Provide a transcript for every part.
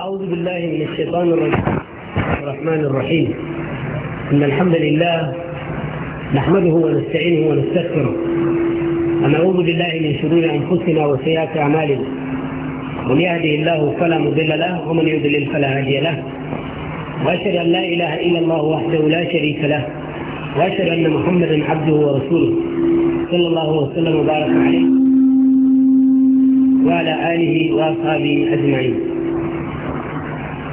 أعوذ بالله من الشيطان الرجيم الرحمن الرحيم إن الحمد لله نحمده ونستعينه ونستغفره ونعوذ بالله من شرور أنفسنا وسيئات أعمالنا من يهده الله فلا مضل له ومن يضلل فلا هادي له وأشهد أن لا إله إلا الله وحده لا شريك له وأشهد أن محمدا عبده ورسوله صلى الله وسلم وبارك عليه وعلى آله وأصحابه أجمعين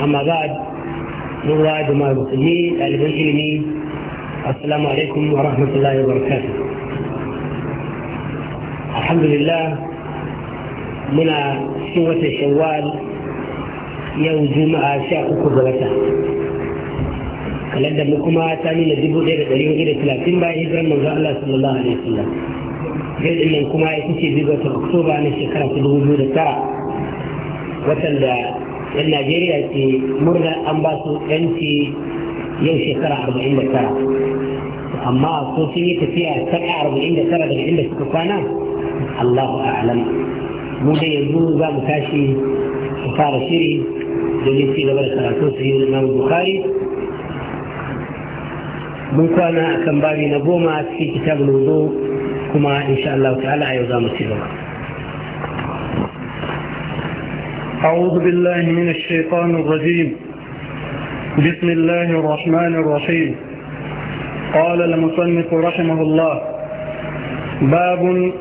أما بعد من رائد ما المسلمين ألف المسلمين السلام عليكم ورحمة الله وبركاته الحمد لله من سوة الشوال يوم جمعة شاق كبرتا كلاد مكما تاني نجيبو دير دليل غير ثلاثين باي إبرا من رأى الله صلى الله عليه وسلم غير إن مكما يتشي في بيوت أكتوبر عن الشكرة في الوجود الترى وتلدى 'yan najeriya ke murna an ba su 'yanci yau shekara arba'in da tara amma ko sun yi tafiya saka arba'in da tara daga inda suka kwana allahu a'lam mu da yanzu za mu tashi mu fara shiri domin ci gaba da karatu su yi imam bukhari mun kwana akan babi na goma cikin kitabul wudu kuma insha Allah ta'ala yau za mu ci gaba أعوذ بالله من الشيطان الرجيم بسم الله الرحمن الرحيم قال المصنف رحمه الله باب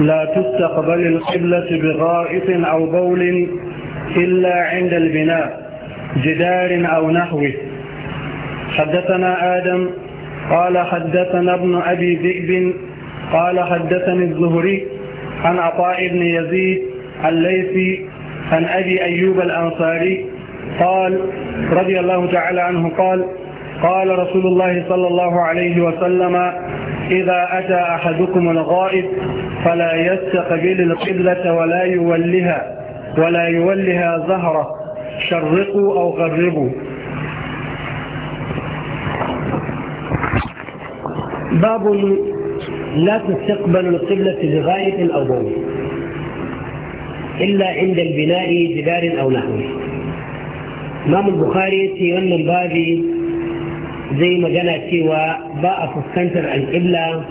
لا تستقبل القبلة بغائط أو بول إلا عند البناء جدار أو نحوه حدثنا آدم قال حدثنا ابن أبي ذئب قال حدثني الزهري عن عطاء بن يزيد الليثي عن أبي أيوب الأنصاري قال رضي الله تعالى عنه قال قال رسول الله صلى الله عليه وسلم إذا أتى أحدكم الغائب فلا يستقبل القبلة ولا يولها ولا يولها زهرة شرقوا أو غربوا باب لا تستقبل القبلة لغاية الأبوين إلا عند البناء جدار أو نحوه إمام البخاري في أن الباب زي ما جانا سوى باء السنتر القبلة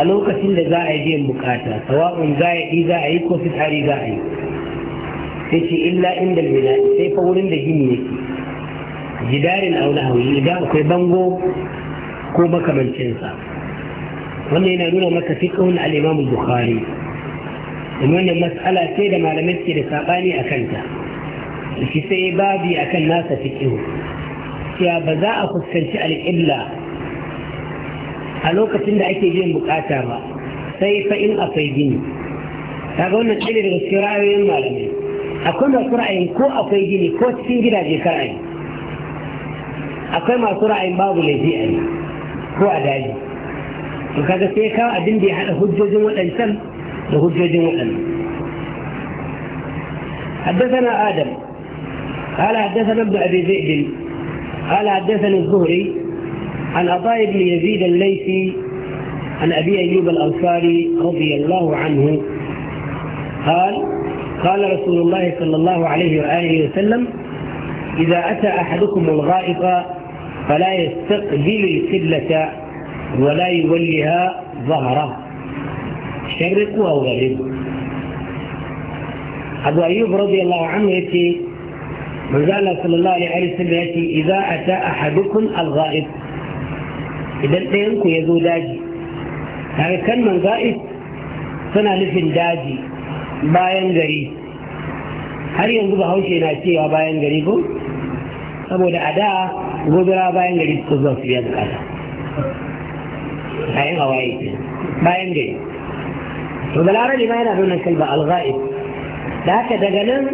ألوكة سند زائي جي المكاتة سواء زائي زائي كو ستاري زائي تشي إلا عند البناء سيفا ولن ده جدار أو نحوه إذا أخي بانغو كوبا كمان شنسا ومن هنا نرى مكتفكه الإمام البخاري domin wannan mas'ala ce da malamai ke da saɓani a kanta shi sai babi a kan nasa fiƙihu cewa ba za a fuskanci al'illa a lokacin da ake jin bukata ba sai fa in akwai gini Ta ga wannan ɗaya daga cikin ra'ayoyin malamai akwai masu ra'ayin ko akwai gini ko cikin gidaje kar a yi akwai masu ra'ayin babu laifi a yi ko a daji to kaga sai kawo abin da ya haɗa hujjojin waɗancan له الجد مؤلم حدثنا آدم قال حدثنا ابن أبي ذئب قال حدثني الزهري عن عطاء بن يزيد الليثي عن أبي أيوب الأنصاري رضي الله عنه قال قال رسول الله صلى الله عليه وآله وسلم إذا أتى أحدكم الغائط فلا يستقبل القبلة ولا يوليها ظهره sharri ko a wurare abu ayyub radiyallahu anhu yace manzo Allah sallallahu alaihi wa sallam yace idza ata ahadukum al-ghaib idan dayan ku yazo daji kaga kalman ghaib suna nufin daji bayan gari har yanzu bahaushe na cewa bayan gari ko saboda a da gobira bayan gari suka zuwa su biya bukata bayan hawaye bayan gari to da larabi ma yana da wannan kalba ghaib da haka daga nan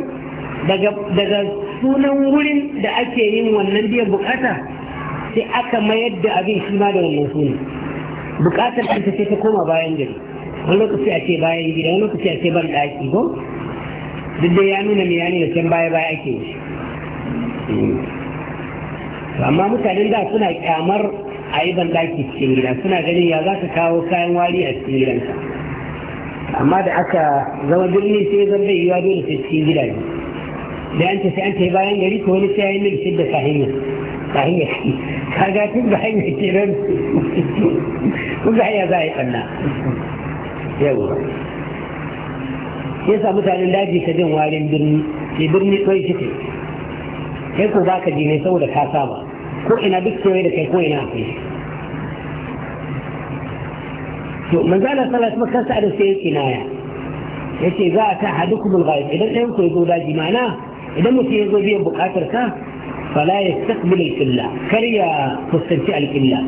daga sunan wurin da ake yin wannan biyan bukata sai aka mayar da abin shi ma da wannan sunan bukatar ta ce ta koma bayan gari wani lokaci a ce bayan gida wani lokaci a ce ban daki ko duk dai ya nuna mai yani da can baya baya ake yi amma mutanen da suna kyamar a yi ban daki cikin gida suna ganin ya za ka kawo kayan wari a cikin gidanka amma da aka zama birni sai zan bai yiwa dole sai cikin gidaje da an ce sai an tafi bayan gari ko wani sai ya yi mil shidda ta hanya ta hanya shi kaga tun da hanya ke nan kun ga hanya za a yi ɓanna yau ya sa mutanen daji ka jin warin birni ke birni ɗoyi shi kai ko za ka ji ne saboda ka saba ko ina duk kewaye da kai ko ina akwai من قال صلاة مكة تعرف شيء كناية يتي إذا أتى أحدكم الغاية إذا لا يمكن يقول هذا جمانا إذا مكي يقول بيه بقاترك فلا يستقبل الكلة كريا تستمتع الكلة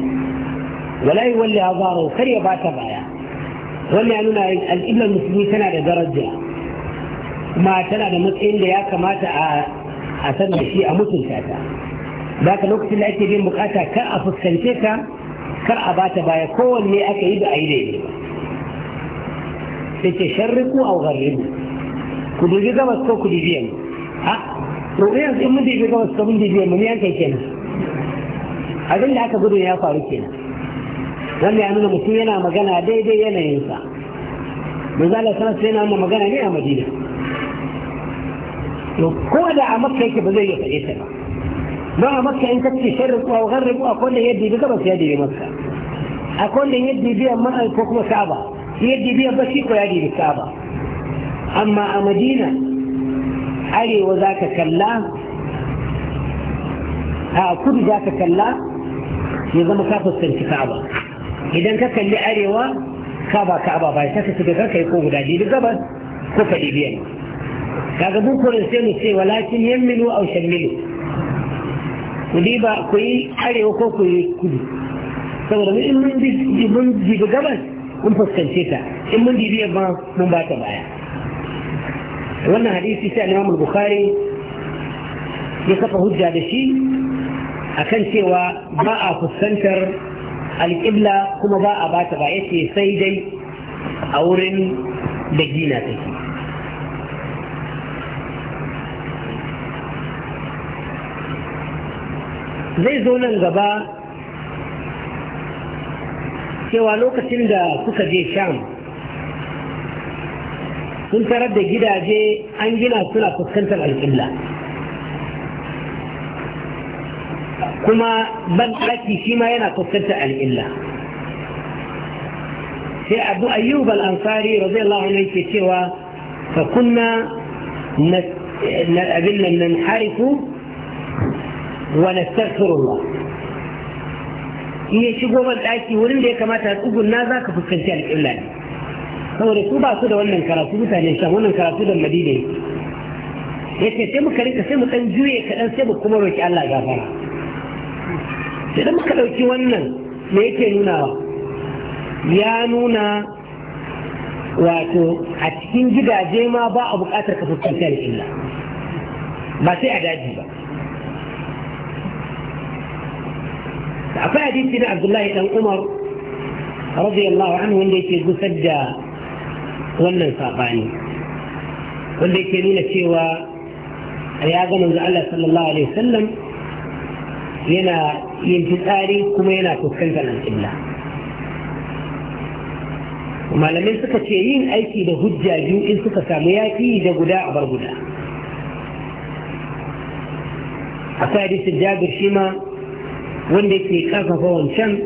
ولا يولي أظهره كريا بعث بايا ولي أننا الإبن المسلمين كان على درجة ما كان على مكين لياك ما أسمى شيء أموت الكاتا ذاك الوقت اللي أتي بيه بقاتا كأفستمتعك kar a ta baya kowanne aka yi da a ne ba sai ce sharriku a gharribu ku dubi gabas ko ku dubi yamma ha ruɓiyar in mun dubi gabas ko mun dubi yamma ne yanka kenan abin da aka gudu ya faru kenan wannan ya nuna mutum yana magana daidai yanayinsa manzo Allah sallallahu alaihi wasallam magana ne a Madina to ko da a Makka yake ba zai yi faɗe ta ba don a Makka in kace sharriku a gharribu akwai da yadda gabas ya dubi Makka akwai wanda yadda biyan ma'ai ko kuma ka'aba yadda biyan ba shi ko ya da ka'aba amma a madina arewa za ka kalla a kudu za ka kalla ya zama ka fuskanci ka'aba idan ka kalli arewa ka'aba ka'aba ba ya ka shiga kanka yi ko guda biyu gabas ko ka biyan kaga mun kurin sai mu ce walakin yammilu au shammilu ku diba ku yi arewa ko ku yi kudu saboda in mun jibi gabas mun fuskance ta in mun jibi yamma mun ba ta baya wannan hadisi sai al-Imam bukhari ya kafa hujja da shi akan cewa ba a fuskantar alƙibla kuma ba a ba ta ba yace sai dai a wurin da gina take zai zo nan gaba cewa lokacin da suka je sham sun tarar da gidaje an gina suna fuskantar alƙilla kuma ban ɗaki shi ma yana fuskantar alƙilla sai abu ayyub al'ansari radiyallahu anhu yake cewa fa kunna abin nan harifu wa nastaghfirullah in ya shigo ban ɗaki wurin da ya kamata na za ka fuskanci alƙibla ne saboda su ba su da wannan karatu mutane sha wannan karatu da madina ya ce sai muka rinka sai mu ɗan juye kaɗan sai mu kuma roƙi Allah gafara idan muka ɗauki wannan me yake nunawa ya nuna wato a cikin gidaje ma ba a buƙatar ka fuskanci alƙibla ba sai a daji ba فأدي ابن عبد الله إلى عمر رضي الله عنه اللي في المسجى والنفاقاني واللي كمينة شوى أي أظن أن الله صلى الله عليه وسلم ينا ينتد آلي كما ينا تفكنت عن الإبلاء وما لم ينسك شيئين أي في بهجة جو إنسك سامياتي جبداء بربداء أفادي سجاب الشيما أفادي سجاب الشيما wanda yake kafafa wancan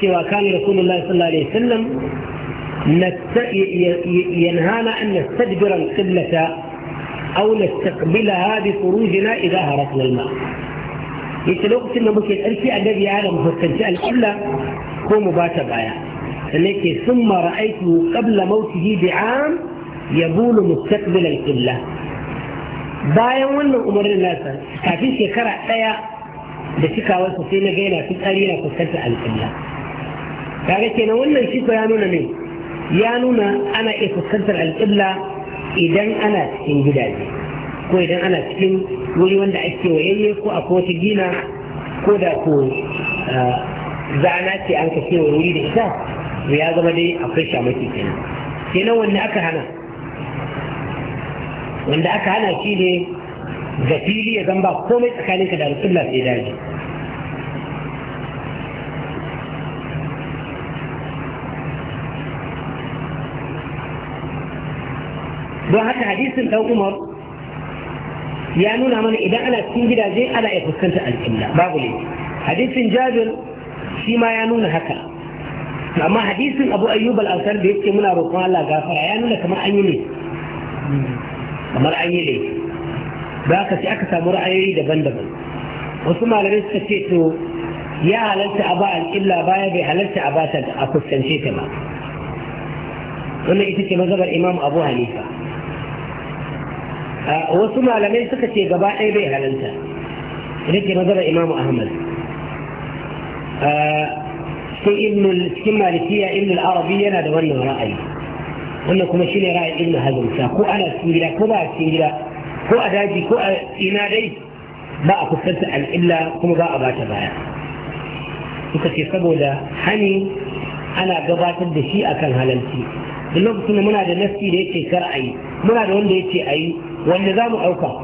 cewa الله rasulullahi sallallahu alaihi wasallam ينهانا أن نستدبر القبلة أو نستقبلها بخروجنا إذا هرقنا الماء يتلوقت أنه ممكن الشيء الذي يعلم هو التنشاء القبلة هو مباشر آية التي ثم رأيته قبل موته بعام يقول مستقبل القبلة bayan wannan umarnin nasa kafin shekara da cikawarsa sai na gaina sun tsari yana fuskantar alƙalla kaga kenan wannan shi ya nuna ne ya nuna ana iya fuskantar alƙibla idan ana cikin gidaje ko idan ana cikin wuri wanda ake wayayye ko a kowace gina ko da ko zana ce an ka wa wuri da ita ya zama dai akwai shamaki kenan kenan wanda aka hana wanda aka hana shi ne ga fili ya zamba komai tsakaninka da alƙibla sai daji don haka hadisin dan umar ya nuna mana idan ana cikin gidaje ana iya fuskantar alƙibla babu ne hadisin jabir shi ma ya nuna haka amma hadisin abu ayyub al-ansar da yake muna roƙon Allah gafara ya nuna kamar an yi ne kamar an yi ne Ba haka sai aka samu ra'ayoyi daban-daban wasu malamai suka ce to ya halarta a ba alƙibla baya bai halarta a ba ta a fuskance ta ba wannan ita ce mazhabar imam abu hanifa آه، وسمى لم يسكت جباء بيها لنتا ريكي نظر الإمام أحمد آه، في إن السكمة لسيا ابن العربية ندوني رأي أنكم شيني رأي ابن هذا المساء كو أنا سنجلة كو لا سنجلة كو أداجي كو إنا ليس ما أكفلت عن إلا كم ذا أباك بايا وكتي سبو ذا حني أنا قبات الدشيء كان هلمتي بالنسبة أن منا دا نفسي ليكي كرأي منا دا ليكي أي والنظام za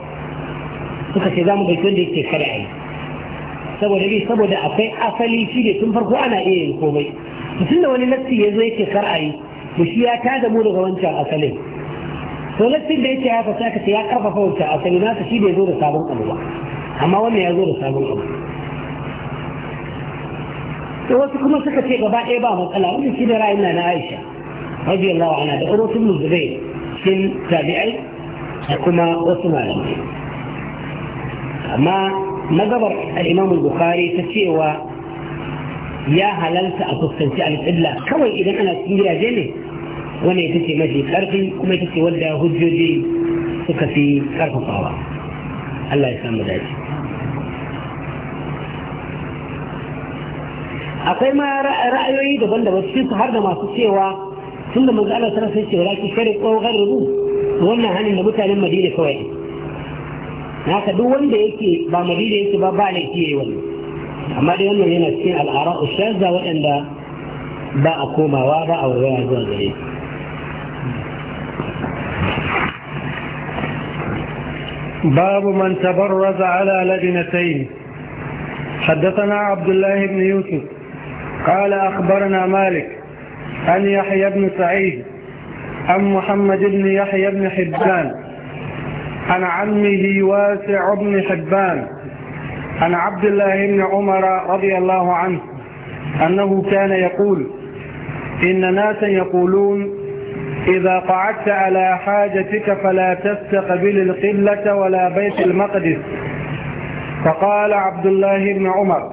suka ce za mu ɗauki wanda yake kada saboda bi saboda akwai asali shi ne tun farko ana iya yin komai tun da wani nassi ya zo yake kar a to shi ya ta da mu daga wancan asalin to nassin da yake haka sai ka ce ya karfafa wancan asali na shi bai zo da sabon abu ba amma wannan ya zo da sabon abu to wasu kuma suka ce gaba ɗaya ba matsala wani shi da ra'ayin na Aisha radiyallahu anha da Urwatul Zubair sun tabi'ai da kuma wasu malamai amma magabar imam bukhari ta cewa ya halalta a fuskanci al'ibla kawai idan ana cikin gidaje ne wanda ita ce mafi karfi kuma ita ce wadda hujjoji suka fi karfafawa Allah ya samu daji. akwai ma ra'ayoyi daban-daban cikin su har da masu cewa tun da manzo Allah sarrafa ce wala ki shari'a ko garru wannan halin da mutanen madina kawai naka duk wanda yake ba madina yake ba ba laifi yayi wannan amma dai wannan yana cikin al'ara'u shazza waɗanda ba a komawa ba a wurin zuwa gare su باب من تبرز على لبنتين حدثنا عبد الله بن يوسف قال أخبرنا مالك أن يحيى بن سعيد عن محمد بن يحيى بن حبان عن عمه واسع بن حبان عن عبد الله بن عمر رضي الله عنه أنه كان يقول إن ناسا يقولون إذا قعدت على حاجتك فلا تستقبل القبلة ولا بيت المقدس فقال عبد الله بن عمر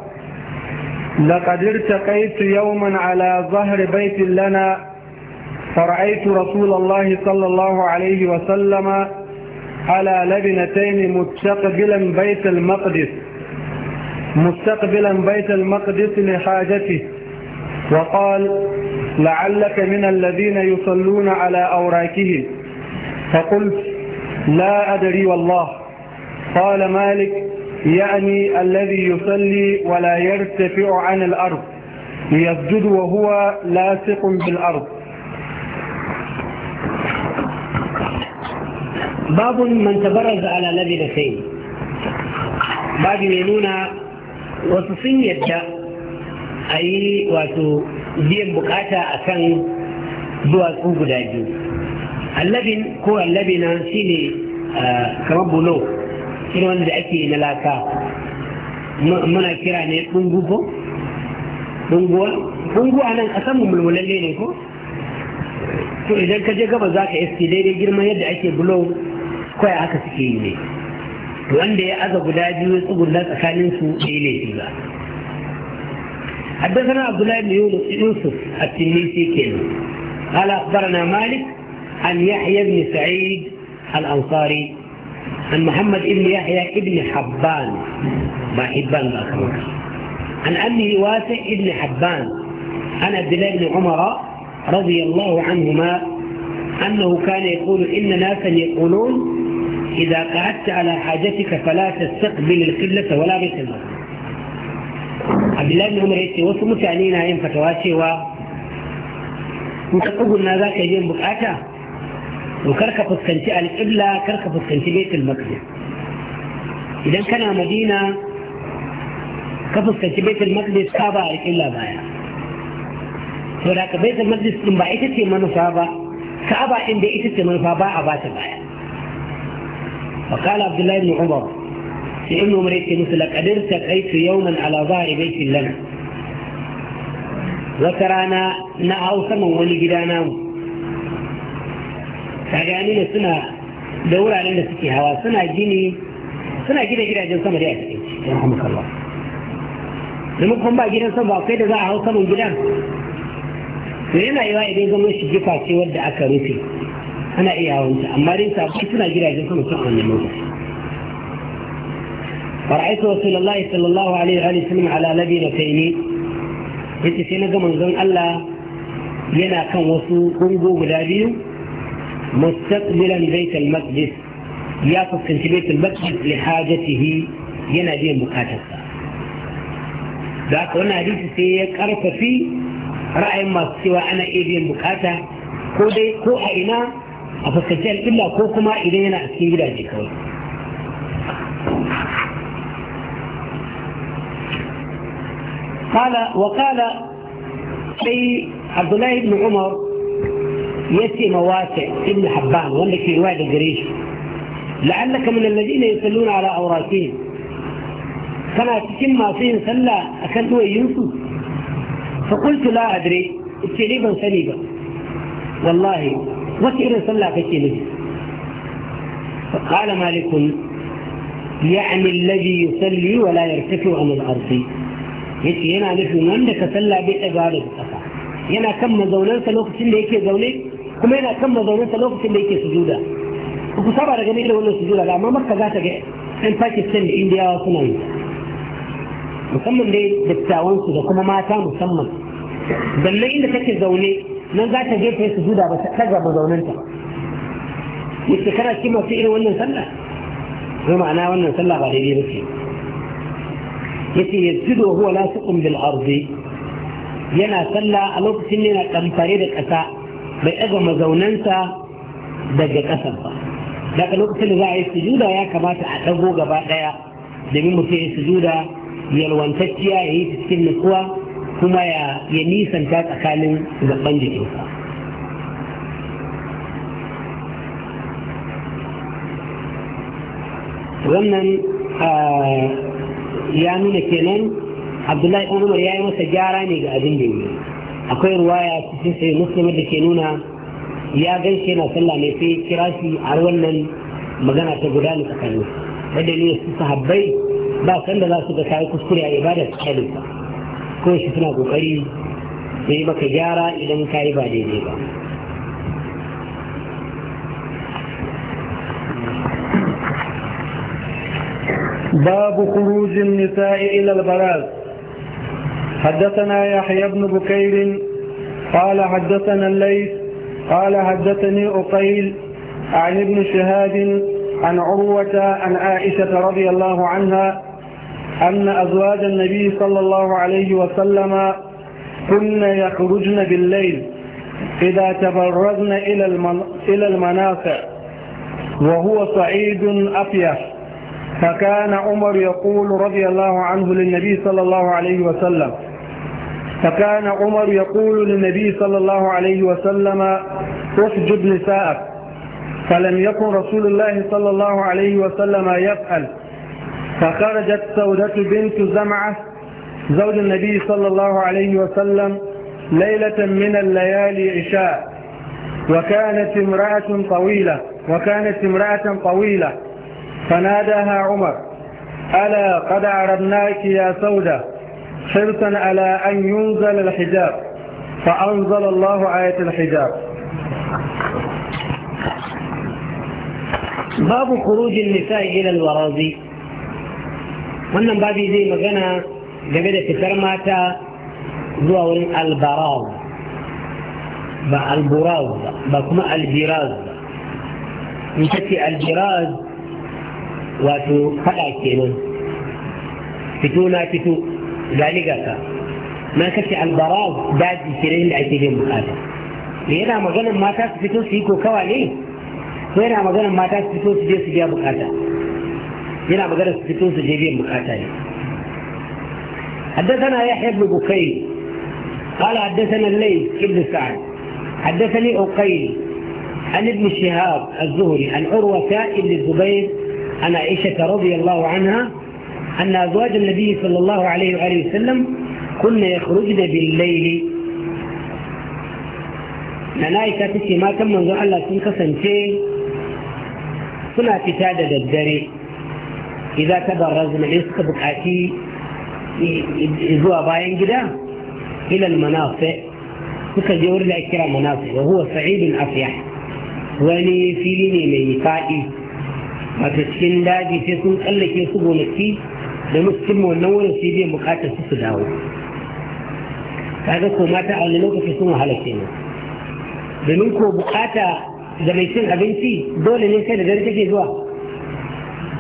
لقد ارتقيت يوما على ظهر بيت لنا فرأيت رسول الله صلى الله عليه وسلم على لبنتين مستقبلا بيت المقدس مستقبلا بيت المقدس لحاجته وقال لعلك من الذين يصلون على أوراكهم فقلت لا أدري والله قال مالك يعني الذي يصلي ولا يرتفع عن الأرض يسجد وهو لاصق بالأرض babu man tabarraza ala nabi da sai babu mai nuna wasu sun yadda a yi wato biyan bukata a kan duwatsu guda biyu allabin ko allabina shine kamar bulo irin wanda ake na laka muna kira ne ɗungu ko ɗungu a nan ƙasan mulmulalle ne ko to idan ka je gaba za ka iske daidai girman yadda ake bulo kawai haka suke yi ne wanda ya aza guda biyu tsugulla tsakanin su bai laifi ba حدثنا عبد الله بن يوسف التلميذي كلمه قال اخبرنا مالك عن يحيى بن سعيد الانصاري عن محمد بن يحيى بن حبان ما حبان الاكبر عن أمه واسع بن حبان عن عبد الله بن عمر رضي الله عنهما أنه كان يقول إن ناسا يقولون إذا قعدت على حاجتك فلا تستقبل القبلة ولا بقلة عبد الله بن عمر يسي وصل متعنين عين فتواتي و متقب الناس كيجين بقعتا وكرك فسكنت القبلة كرك فسكنت بيت المقدس إذا كان مدينة كفسكنت بيت المقدس كابا إلا بايع. فلاك بيت المقدس إن بعيتتي منو صابا كابا إن بعيتتي منو صابا عباتي بايا فقال عبد الله بن عمر في أم امريك مثلك قدرت ايت يوما على ظهر بيت لنا وترانا نعو سما ولجدانا فقالين سنا دور على سكي هوا سنا جيني سنا جيني جيني جيني سما جيني رحمك الله لما كنت بقى جيني سما بقى كيدا ذا عو سما ولجدان فإن أيها إذن كنت أشجفا سيود أكاروتي ana iya wanta amma dai sabbi أنا gidajen kuma su kan nemo فرأيت رسول الله صلى الله عليه وآله وسلم على لبين تيني قلت سينا قمن ذن ألا ينا كان وصو قنبو بلابيو مستقبلا بيت المقدس يأخذ كنت بيت المقدس لحاجته ينا دين مقاتل ذاك وانا حديث سيك أرف في رأي ما سوى أنا إيدي دين مقاتل كودي كوحا إنا a fuskanci alƙibla ko kuma idan yana a cikin gidaje kawai قال وقال أي عبد الله بن عمر يسي مواسع ابن حبان وأنك في رواية الجريش لعلك من الذين يصلون على أوراتهم كما تتم فيهم صلى أكلوا يوسف فقلت لا أدري اتليبا سليبا والله wace irin sallah kake nufi qala malikun يعني wa يصلي ولا يرتفع عن الأرض yace yana nufin wanda ka salla bai ɗaga da ƙasa yana kan mazaunan sa lokacin da yake zaune kuma yana kan mazaunan sa lokacin da yake sujuda ku saba da ganin da wannan sujuda da amma makka za ta ga ɗan pakistan da indiyawa suna yi musamman dai dattawan su da kuma mata musamman sannan inda kake zaune nan za ta je ta yi sujuda ba ta ɗaga mazauninta yace kana cikin masu irin wannan sallah ko ma'ana wannan sallah ba daidai ba ce yace yasjudu huwa lasiqun bil ardi yana sallah a lokacin yana kamfare da ƙasa bai ɗaga mazaunansa daga ƙasar ba daga lokacin da za a yi sujuda ya kamata a ɗago gaba ɗaya domin mutum ya yi sujuda yalwantacciya ya yi cikin nutsuwa kuma ya nisanta tsakanin gaban jikinsa wannan ya nuna kenan abdullahi ɗan umar ya yi masa gyara ne ga abin da yi akwai ruwaya cikin sai musulmi da ke nuna ya gan shi yana sallah ne sai kira shi a wannan magana ta guda ne tsakanin da dalilin su sahabbai ba sanda za su ga kayi kuskure a ibada tsakanin ko shi suna kokari su yi maka gyara باب خروج النساء إلى البراز حدثنا يحيى بن بكير قال حدثنا الليث قال حدثني أقيل عن ابن شهاد عن عروة عن عائشة رضي الله عنها أن أزواج النبي صلى الله عليه وسلم كن يخرجن بالليل إذا تبرزن إلى, المنافع وهو صعيد أفيح فكان عمر يقول رضي الله عنه للنبي صلى الله عليه وسلم فكان عمر يقول للنبي صلى الله عليه وسلم اسجد نساءك فلم يكن رسول الله صلى الله عليه وسلم يفعل فخرجت سودة بنت زمعة زوج النبي صلى الله عليه وسلم ليلة من الليالي عشاء وكانت امرأة طويلة وكانت امرأة طويلة فناداها عمر ألا قد عرضناك يا سودة حرصا على أن ينزل الحجاب فأنزل الله آية الحجاب باب خروج النساء إلى الوراضي wannan babi zai magana game da fitar mata zuwa wurin albaraw ba alburaw ba kuma albiraz in ce albiraz wato fada kenan fito na fito ka na kace albaraw daji kenan da ake yin bukata da yana maganin mata su fito su yi kokawa ne ko yana maganin mata su fito su je su biya bukata yana maganar su fito su حدثنا يحيى بن بكير قال حدثنا الليث بن سعد حدثني أقيل عن ابن شهاب الزهري عن عروة بن الزبير عن عائشة رضي الله عنها أن أزواج النبي صلى الله عليه وآله وسلم كن يخرجن بالليل ملائكة تتي ما كم منذ الله سنكسن شيء suna fita da إذا تبرز من يسقط أتي إذوا باين جدا إلى المنافع تكجور لا إكرام منافع وهو سعيد أفيح ولي فيني من يتائي ما تسكين دادي تسون ألا كيسوبو نكي لمسكم ونور سيدي مقاتل سسداو هذا كو ما تعلنوك في سنو هلكينا لمنكو بقاتا زميسين أبنتي دول نكي لدرجة جدوا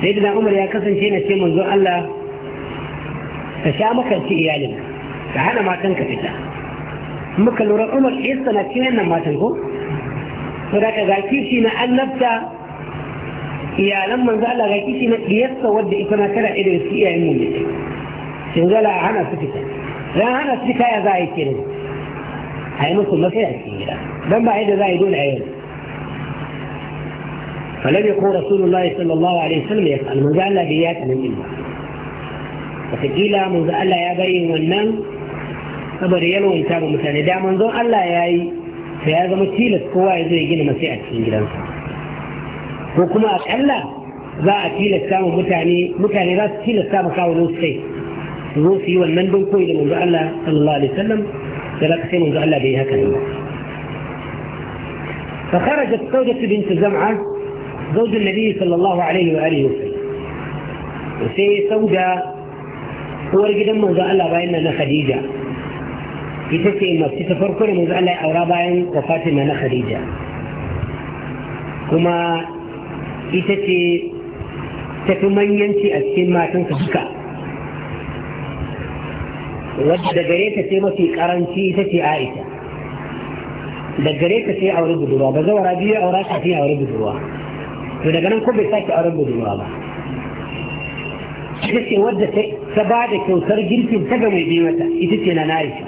سيدنا عمر يا كسن شينا شين منذو ألا تشامك أنت إيالنا فهنا ما تنك في الله مكة لورا عمر إيسانا كينا ما تنكو فراك غاكي شينا ألبتا يا لما زال غاكي شينا إيسا ودي إيسانا كلا إدرس إيا إيمون شين زالا عنا سكتا لا عنا سكتا يا زايد كينا هاي مصر مكة يا سكينا بمبا هيدا زايدون عيالي فلم يكن رسول الله صلى الله عليه وسلم يسأل من جعل بيات من إلا وفقيلة من جعل يا بي ونن أبر يلو إنتاب مثلا دع من ذو ألا ياي في هذا مثيل القوى إذا يجينا مسيئة في إنجلان وكما أتعلى ذا أتيل السام متعني متعني ذا أتيل السام كاو روسي روسي ونن بنكو إذا من جعل صلى الله عليه وسلم فلا كسي من جعل بيها كلمة فخرجت زوجة بنت زمعة زوج النبي صلى الله عليه وآله وسلم وسي سوداء هو رجل من زعل باين أنا خديجة يتسي إما تتفر كل من زعل أورا باين وفاتم أنا خديجة كما يتسي تتمين في السماء تنسبك وجد جريت سيما في كارنتي تتي عائشة دغريت سي أورا بدروا بزورا بي أورا سي أورا بدروا ينقلن كبير ساكا أربو دوابا شكسي ودتك سبادك وصر جنتي تقوي بيوتا إتتينا نايسا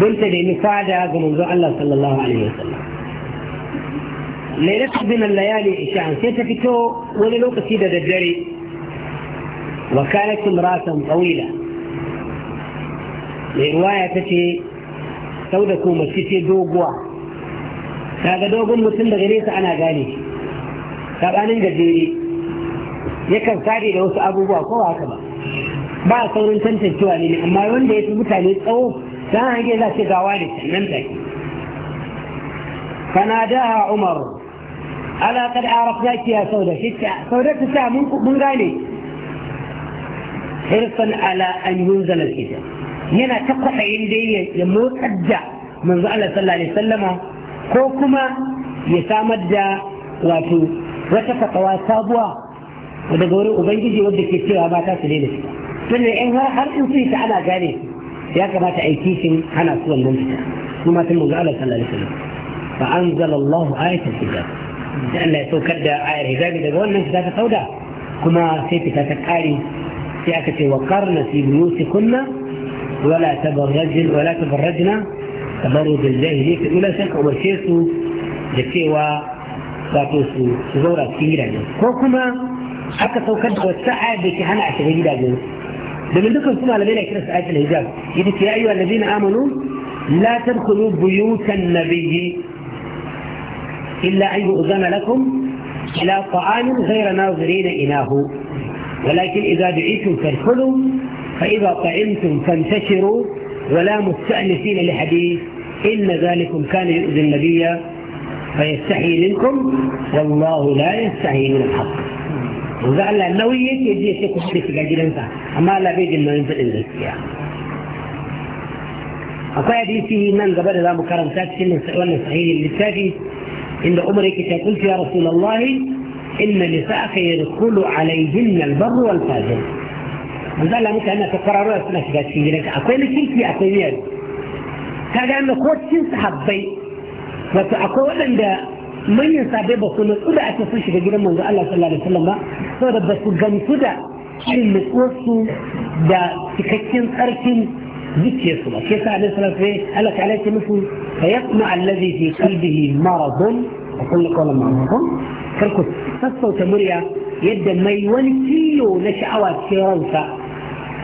بنت دي مفادة قمم ذو الله صلى الله عليه وسلم ليلتك بين الليالي إشان سيتفتو وللو قصيدة الدري وكانت امرأة طويلة لرواية تتي سودكو مسكتي دوقوا هذا دوقوا sabanin gajere yakan sare da wasu abubuwa ko haka ba ba a saurin tantancewa ne ne amma wanda ya fi mutane tsawo ta hange za ce gawa da nan take fanadaha umar ala kad arafnaki ya sauda shitta da ta sa mun gane hirsan ala an yi zanar ita yana ta yin dai ya motsar da manzo Allah sallallahu alaihi ko kuma ya samar da wato wata kawa sabuwa daga wurin ubangiji wanda ke cewa mata su daina fita tun da in har in sun ta ana gane ya kamata a yi kishin hana su wannan fita su ma sun ga Allah sallallahu alaihi wasallam fa anzalallahu ayatul hijab da Allah ya saukar da ayar hijabi daga wannan fita ta sauda kuma sai fita ta kare sai aka ce wa qarna fi buyutikunna wala tabarrajna wala tabarrajna tabarrujal jahiliyyah ila sai ka umarce su da cewa wato su zaura cikin gidaje ko kuma aka saukar da wata ayar da ke hana a shiga gidaje domin dukkan su malamai na kira su ayatul hijab yadda ke ayyuwa allazina amanu la tadkhulu buyutan nabiyyi illa an uzana lakum ila ta'amin ghayra nazirina inahu ولكن إذا دعيتم فادخلوا فإذا طعمتم فانتشروا ولا مستأنسين لحديث إن ذلكم كان يؤذي النبي فيستحي منكم والله لا يستحي من الحق وقال له لو يجي يجي يشكو حديث قادر انت اما لا بيد انه ينزل الا الصيام اقوى في من قبل الامام مكرم ساكت ان سالنا صحيح للساكي ان عمرك قلت يا رسول الله ان نسائك يدخل عليهن البر والفاجر وقال له ممكن انك تقرر رؤيه سنه قادر انت اقوى لك انت اقوى لك كان قال له قوت تنسحب بيت wato akwai waɗanda manyan sabai ba su nutsu da ake sun shiga gidan manzo Allah sallallahu alaihi wasallam ba saboda ba su gamsu da irin nutsuwarsu da cikakken tsarkin zuciyarsu ba shi yasa Allah sallallahu alaihi wasallam Allah ta'ala ce musu fa yasma allazi fi qalbihi maradun wa kullu qawlan ma'rufun karku sassauta murya yadda mai wani ciyo na sha'awa cikin ransa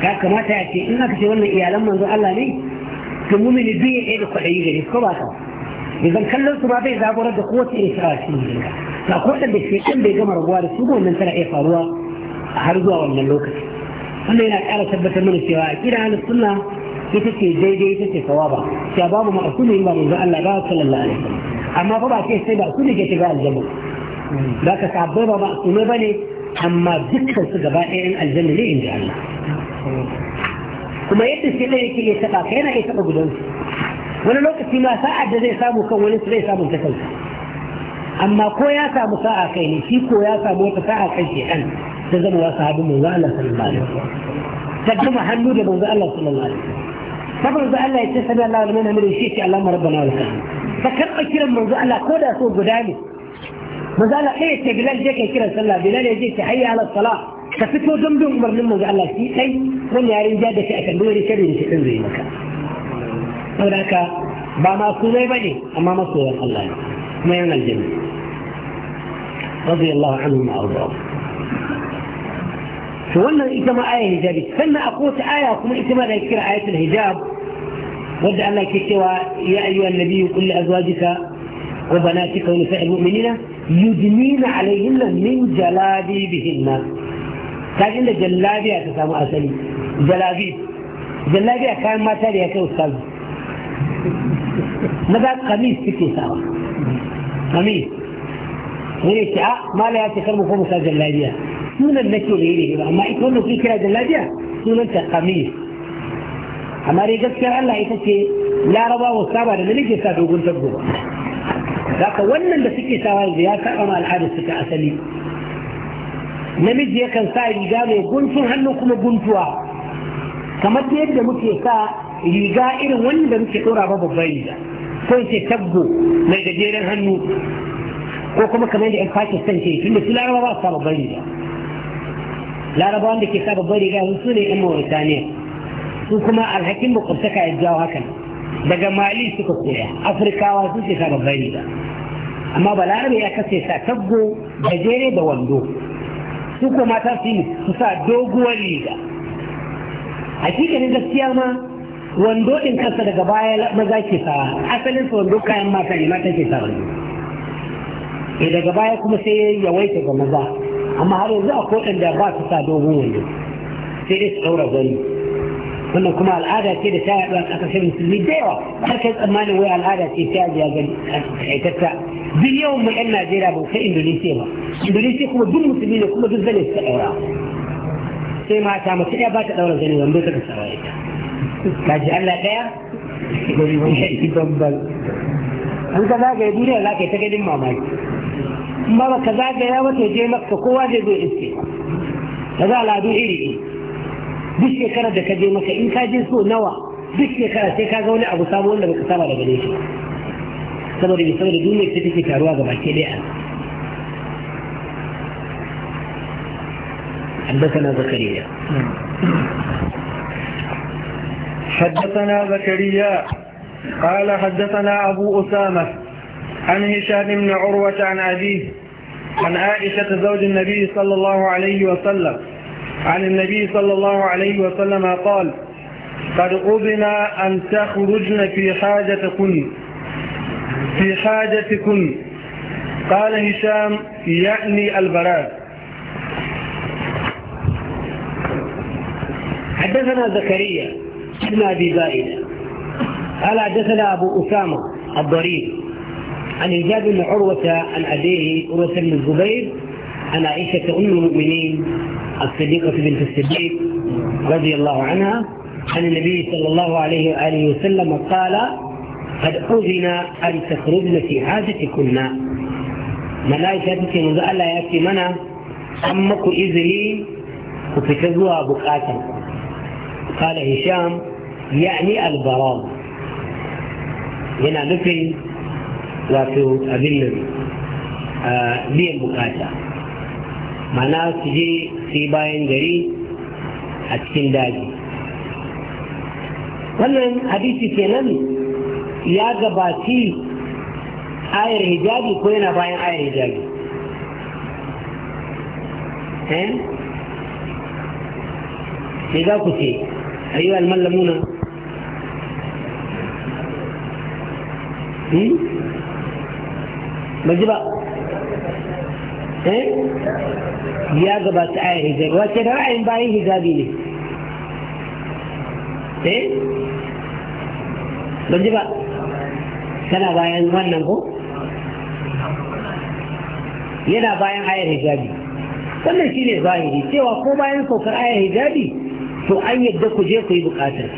ya kamata ya ce in aka ce wannan iyalan manzo Allah ne to mumini duk ya da kwaɗayi gare ko ba ta اذا كلمت ما بين ذاك ورد قوه الاشراك فقلت لك في كم بين قمر وغوار السبوع من ترى ايه فاروا هرجوا ولا ملوك قال لي انا ثبت من السواء الى اهل السنه في تكي زي زي تكي صوابا شباب ما اقول الا من ذا الله قال صلى الله عليه وسلم اما بابا كيف سيدا اقول لك اتباع الجبل ذاك تعبير بابا اقول لي اما ذكر سجبائن إيه الجنه لي ان شاء الله kuma yadda shi ne yake yi ta kakai na ita ga gudansu wani lokaci ma sa'ar da zai samu kan wani zai samu ta kansa amma ko ya samu sa'a kai ne shi ko ya samu wata sa'a kai ke kan ta zama wa sahabin manzo Allah sallallahu alaihi wasallam ta gama hannu da manzo Allah sallallahu alaihi wasallam saboda manzo Allah ya ce Allah alaihi wasallam shi ce Allahumma rabbana wa lakal ta karba kiran manzo Allah ko da so guda ne manzo Allah kai ce Bilal je kai kiran sallah Bilal ya je ta hayya ala salat ka fito don bin umarnin manzo Allah shi kai wani yarin ja da shi akan dole sharri da shi din zai maka هناك با معصوم بني اما معصوم الله ما يعني الجنة رضي الله عنهم وارضاهم فوالنا اتما آية هجابي فلنا أقول آية وكما اتما ذكر آية الهجاب ودع الله كتوى يا أيها النبي كل أزواجك وبناتك ونساء المؤمنين يدنين عليهن من جلابي بهن تاج إن جلابي أتسامو أسلي جلابي جلابي أكان ما تاري أكي أستاذ مدد قميص تكي ساوى قميص غير الشعاء آه، ما لا يأتي خير مفهوم خلال جلادية من النكي غيره ما يكونوا في كلا جلادية من أنت قميص أما ريقت كلا الله يتكي لا ربا وصابا لنلي جساد وقلت بقوة ذاك ونن بسكي ساوى الزياسة وما الحادث سكا أسلي نمجي يكن سائل إجابة قلت هنكم قلتوا كما تيبدا متي ساء يجائر وين بمشي طورا بابا بايدا ko ce tabbo mai gajeren hannu ko kuma kamar da 'yan pakistan ce tunda su laraba ba su riga laraba wanda ke sa babbar riga su ne 'yan mauritaniya su kuma alhakin makwabtaka ya jawo hakan daga mali suka koya afirkawa su ce sa babbar riga amma balarabe ya kace sa tabbo gajere da wando su kuma mata su yi su sa doguwar riga hakikanin gaskiya ma wando ɗin kasa daga baya maza ke sawa asalin su wando kayan mata ne mata ke sawa ne eh, daga baya kuma sai ya waita ga maza amma har yanzu a akwai da ba su sa dogon wando sai dai su ɗaura gani wannan kuma al'ada ce da ta yaɗu a ƙasashen musulmi da yawa har kai tsammanin wai al'ada ce ta yaji a gani aikatta duk yawan mu 'yan najeriya ba kai indonesiya ba indonesiya kuma duk musulmi ne kuma duk zane suka ɗaura sai mata mace ɗaya ba ta ɗaura gani wando ta ka sawa ita kaji Allah ɗaya bambal an ka zagaye duniya za ka yi ta ganin mamaki in ba ka zagaya wata je maka kowa zai zo iske ka za al'adu iri iri duk shekarar da ka je maka in ka je so nawa duk shekara sai ka ga wani abu samu wanda baka saba daga gare shi saboda ne saboda duniya ta take taruwa ga baki ɗaya حدثنا زكريا حدثنا زكريا قال حدثنا أبو أسامة عن هشام بن عروة عن أبيه عن عائشة زوج النبي صلى الله عليه وسلم عن النبي صلى الله عليه وسلم قال قد أذن أن تخرجن في حاجتكن في حاجتكن قال هشام يعني البراد حدثنا زكريا ابن أبي زائدة قال حدثنا أبو أسامة الضرير عن الجاب بن عروة عن أبيه عروة بن الزبير عن عائشة أم المؤمنين الصديقة بنت الصديق رضي الله عنها عن النبي صلى الله عليه وآله وسلم قال قد أذن أن تخرجن في حاجتكن ملائكة تكي منذ يأتي منا أمك إذلي وفتزوها بقاتل قال هشام يعني yana nufin نفي abin أبن biyan bukata mana su je su yi bayan gari a cikin daji wannan hadisi kenan ya gabaci ayar hijabi ko yana bayan ayar hijabi sai za ku ce ayyuhal mallamuna ba ji ba eh ya gabata ayar hijabi wace da ra'ayin bayan hijabi ne eh ba ji ba tana bayan wannan ko yana bayan ayar hijabi wannan shi ne zahiri cewa ko bayan saukar ayar hijabi to an yadda ku je ku yi bukatar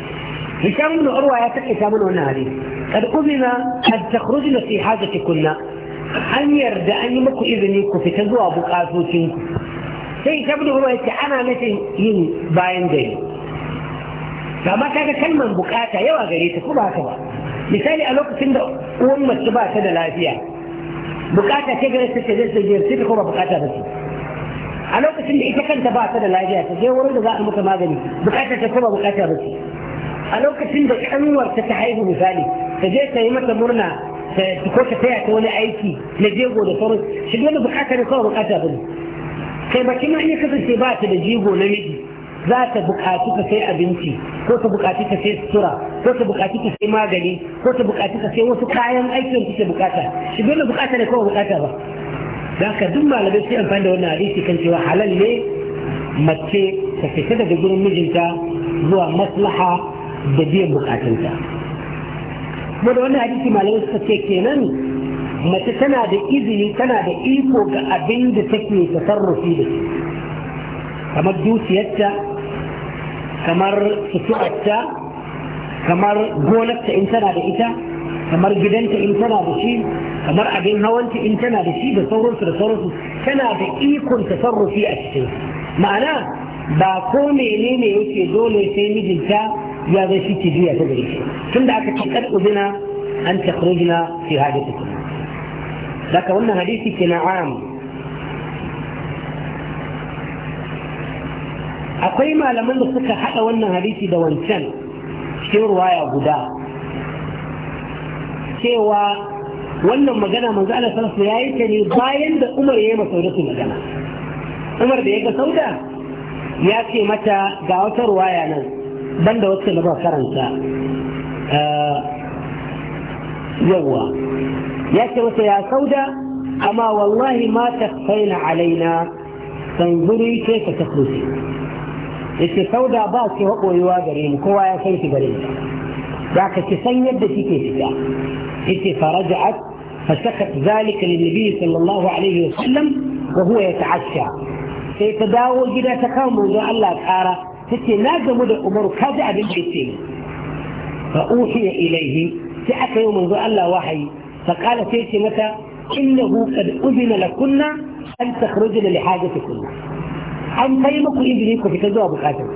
hisham bin urwa ya taƙaita mana wannan hadisi قد أمنا قد تخرجنا في حاجة كنا أن يرد أن يمكو إذن يكو في تزوى بقاسو تنكو سي تبدو هو يتحانا مثل يم باين دي فما كان كلمة بقاتا يوا غريتا كبا كبا مثالي ألوك تندو أم مستبا تدى لا فيها بقاتا تجرس تجرس تجرس تجرس كبا بقاتا بسي ألوك تندو إيسا كان تبا تدى لا فيها تجي ورد ذا المتماغني بقاتا تكبا بقاتا بسي ألوك تندو أنور تتحيه مثالي ka je ka yi mata murna ko ka taya ta wani aiki na jego da sauran shi wani bukata ne kawai bukata ba ne kai ba kima iya kasance ba ta da jego na miji za ta bukaci ka sai abinci ko ta bukaci ka sai sutura ko ta bukaci ka sai magani ko ta bukaci ka sai wasu kayan aikin kuke bukata shi wani bukata ne kawai bukata ba da haka duk malamai sai amfani da wannan hadisi kan cewa halal ne mace ta fita daga gurin mijinta zuwa maslaha da biyan bukatunta kuma da wani hadisi malamai suka ce kenan mace tana da izini tana da iko ga abin da take tasarrufi da shi kamar dukiyarta kamar suturarta kamar gonarta in tana da ita kamar gidanta in tana da shi kamar abin hawanta in tana da shi da sauransu da sauransu tana da ikon tasarrufi a cikin ma'ana ba ko menene yake dole sai mijinta ya zai shi ke juya ta gare shi tunda aka ce kad ubina an takhrujna fi hajatikum daga wannan hadisi ke na am akwai malaman da suka haɗa wannan hadisi da wancan cikin ruwaya guda cewa wannan magana manzo Allah sallallahu alaihi wasallam yayi ta ne bayan da Umar yayi masa wata magana Umar da ya ga Sauda ya ce mata ga wata ruwaya nan بند وقت لبا فرنسا آه، يوا يا كوسا يا سودا أما والله ما تخفين علينا فانظري كيف تخلصي إيش سودا باسي وقوة يواجرين كوا يا سيف بريد ذاك تسيد في كيف سيدي فرجعت فسكت ذلك للنبي صلى الله عليه وسلم وهو يتعشى سيتداول بلا تكامل الله تعالى ستي ناجم دا أمر كذا أبن بيتين فأوحي إليه سأك يوم انظر الله وحي فقال سيتي متى إنه قد أذن لكن أن تخرجن لحاجتكن أن إن إذنكم في كذا بكاتب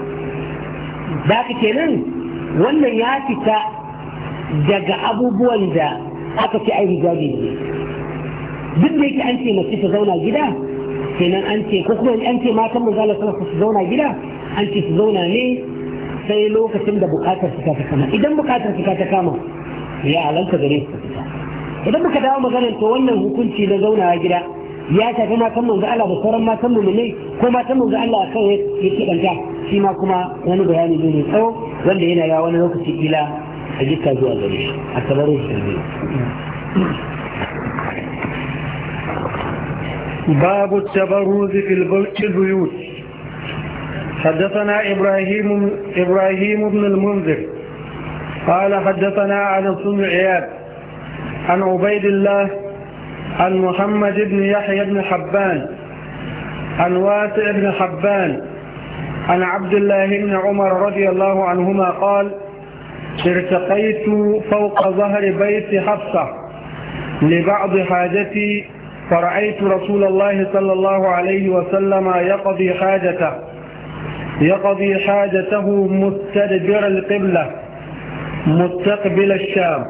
ذاك كنن وأن ياتك daga أبو da aka أي ainihin gadi ne duk da yake an kenan an ce ko kuma an ce matan manzo Allah sallallahu su zauna gida an ce su zauna ne sai lokacin da bukatar su ta kama idan bukatar su ta kama ya alanta gare su fita idan muka dawo maganar to wannan hukunci na zaunawa gida ya shafi matan manzo Allah da sauran matan mu ne ko matan manzo Allah kan yake danta shi ma kuma wani bayani ne ne tsawo wanda yana yawa wani lokaci kila a jikka zuwa gare shi a tabarin shi باب التبرز في البيوت حدثنا إبراهيم, إبراهيم بن المنذر قال حدثنا عن بن عياد عن عبيد الله عن محمد بن يحيى بن حبان عن واسع بن حبان عن عبد الله بن عمر رضي الله عنهما قال ارتقيت فوق ظهر بيت حفصة لبعض حاجتي فرأيت رسول الله صلى الله عليه وسلم يقضي حاجته يقضي حاجته مستدبر القبلة مستقبل الشام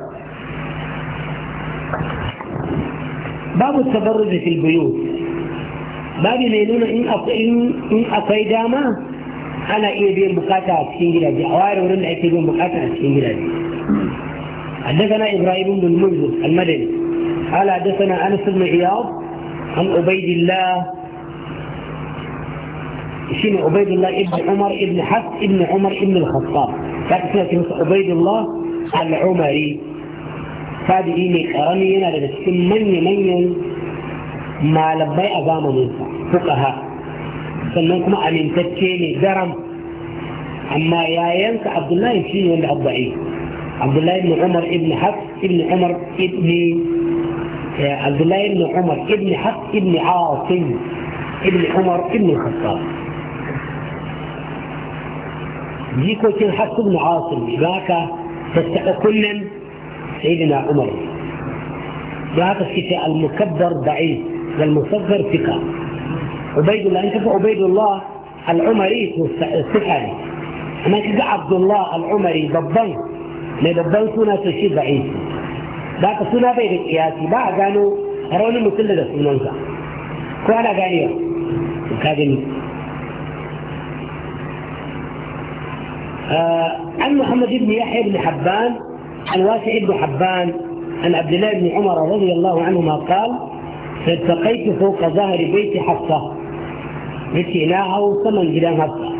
باب التبرج في البيوت باب ليلون إن أقيد ما أنا إيه biyan bukata a cikin أوائل a ware wurin da ake حدثنا ابراهيم بن المنذر المدني قال حدثنا انس بن عياض عن عبيد الله شنو عبيد الله ابن عمر ابن حفص ابن عمر ابن الخطاب لكن عبيد الله العمري فادي إني قرني أنا لنسكن من من ما لبي أقام منك فقها سنوكما أمين تكيني درم أما يا ينسى عبد الله يشيني عند عبد الله بن عمر بن حفص بن عمر بن عبد الله بن عمر ابن حق ابن عاصم ابن عمر ابن الخطاب جيكو كان حق ابن عاصم ذاك تستحق كلا سيدنا عمر ذاك الشتاء المكبر ضعيف والمصغر ثقة عبيد الله انت عبيد الله العمري السحري انا كذا عبد الله العمري ضبان ما سنة شيء ضعيف ba ka suna bai da kiyasi ba a gano raunin mutum da sunansa ko ana ganewa ka gani عن محمد بن يحيى بن حبان عن واسع بن حبان عن عبد الله بن عمر رضي الله عنهما قال فالتقيت فوق ظهر بيت حفصه مثل ناهو ثمن حفصه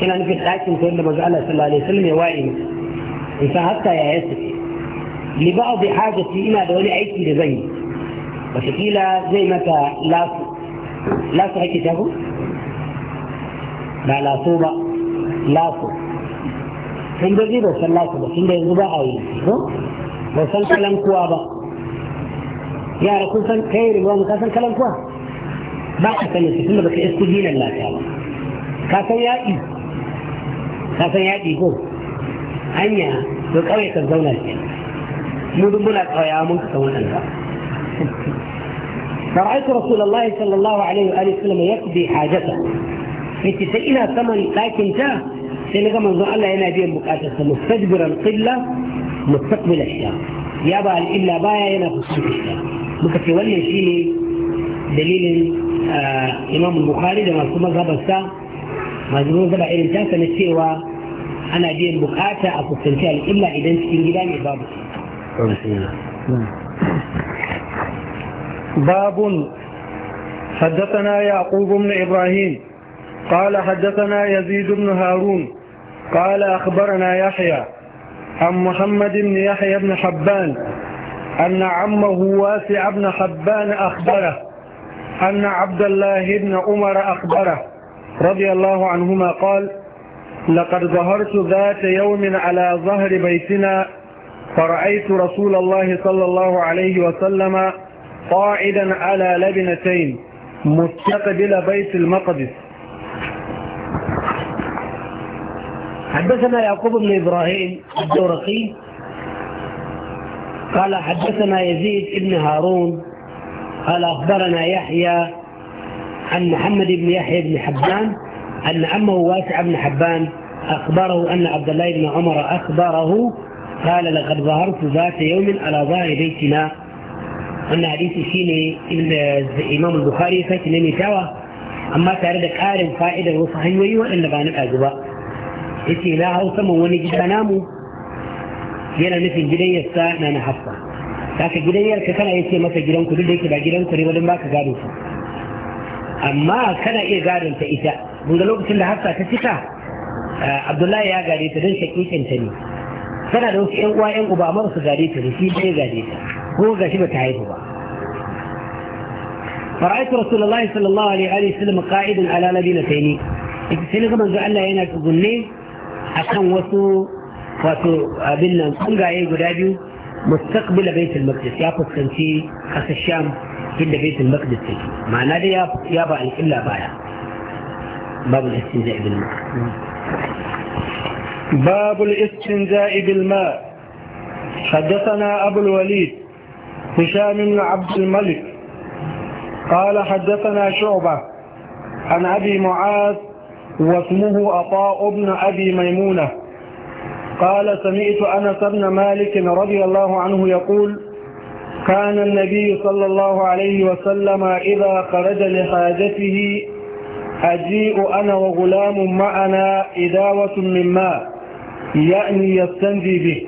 كان في الحاكم كل ما قال صلى الله عليه وسلم يوائم انسى حتى يا ياسر لبعض حاجة في إما دولي عيكي لزين وشكيلة زي متى لا لا تحكي تهو لا لا صوبة لا صوبة فين بجي بوصل لا صوبة فين بجي بوصل لا صوبة بوصل كلام كوابا يا رسول سن خير وهو مكاسن كلام كوابا بعد سنة سنة بك استجينا الله تعالى كاسن يا إيه كاسن إيه؟ هو أنيا لو كوي mu duk muna kawaya فرأيت رسول الله صلى الله عليه وآله وسلم يقضي حاجته انت سئلها ثمن لكن جاء سنقى منذ الله هنا بيه بكاتة مستجبرا القلة مستقبل الشام يا با إلا بايا هنا في الشام بكتي ولي شيني دليل آه إمام البخاري لما ثم ذهب الساعة مجنون ذهب إلى الجاسة نسيوا أنا بيه دين بكاتة أفصلتها إلا إذا انت انجلاني بابك باب حدثنا يعقوب بن إبراهيم قال حدثنا يزيد بن هارون قال أخبرنا يحيى عن محمد بن يحيى بن حبان أن عمه واسع بن حبان أخبره أن عبد الله بن عمر أخبره رضي الله عنهما قال لقد ظهرت ذات يوم على ظهر بيتنا فرأيت رسول الله صلى الله عليه وسلم قاعدا على لبنتين مستقبل بيت المقدس حدثنا يعقوب بن إبراهيم الدورقي قال حدثنا يزيد بن هارون قال أخبرنا يحيى عن محمد بن يحيى بن حبان أن عمه واسع بن حبان أخبره أن عبد الله بن عمر أخبره قال لقد ظهرت ذات يوم على ظهر بيتنا wannan hadisi shine inda imam bukhari ya sake maimaitawa amma tare da ƙarin fa'idar wasu hanyoyi waɗanda ba na ɗazu ba yace na hau saman wani gida namu yana nufin gidan yassa na na hafsa haka gidan yarka kana iya ce masa gidan duk da yake ba gidan ku ne wajen baka gado su amma kana iya gadon ita daga lokacin da hafsa ta cika abdullahi ya gare ta don shakikin ta ni. tana da wasu 'yan uwa 'yan uba amma su gade ta da shi ɗaya gade ta ko ga shi ba ta haihu ba فرأيت رسول الله صلى الله عليه وآله وسلم قائدا على لبنتين sai na gaban Allah yana tsugunne a kan wasu wato abin nan kungaye guda biyu mustaqbila baitul maqdis ya fuskanci kasar sham inda baitul maqdis take ma'ana ya ba alƙilla baya babu da باب الاستنجاء بالماء حدثنا أبو الوليد هشام بن عبد الملك قال حدثنا شعبة عن أبي معاذ واسمه عطاء بن أبي ميمونة قال سمعت أنس بن مالك رضي الله عنه يقول كان النبي صلى الله عليه وسلم إذا خرج لحاجته أجيء أنا وغلام معنا إداوة من ماء يعني يستنجي به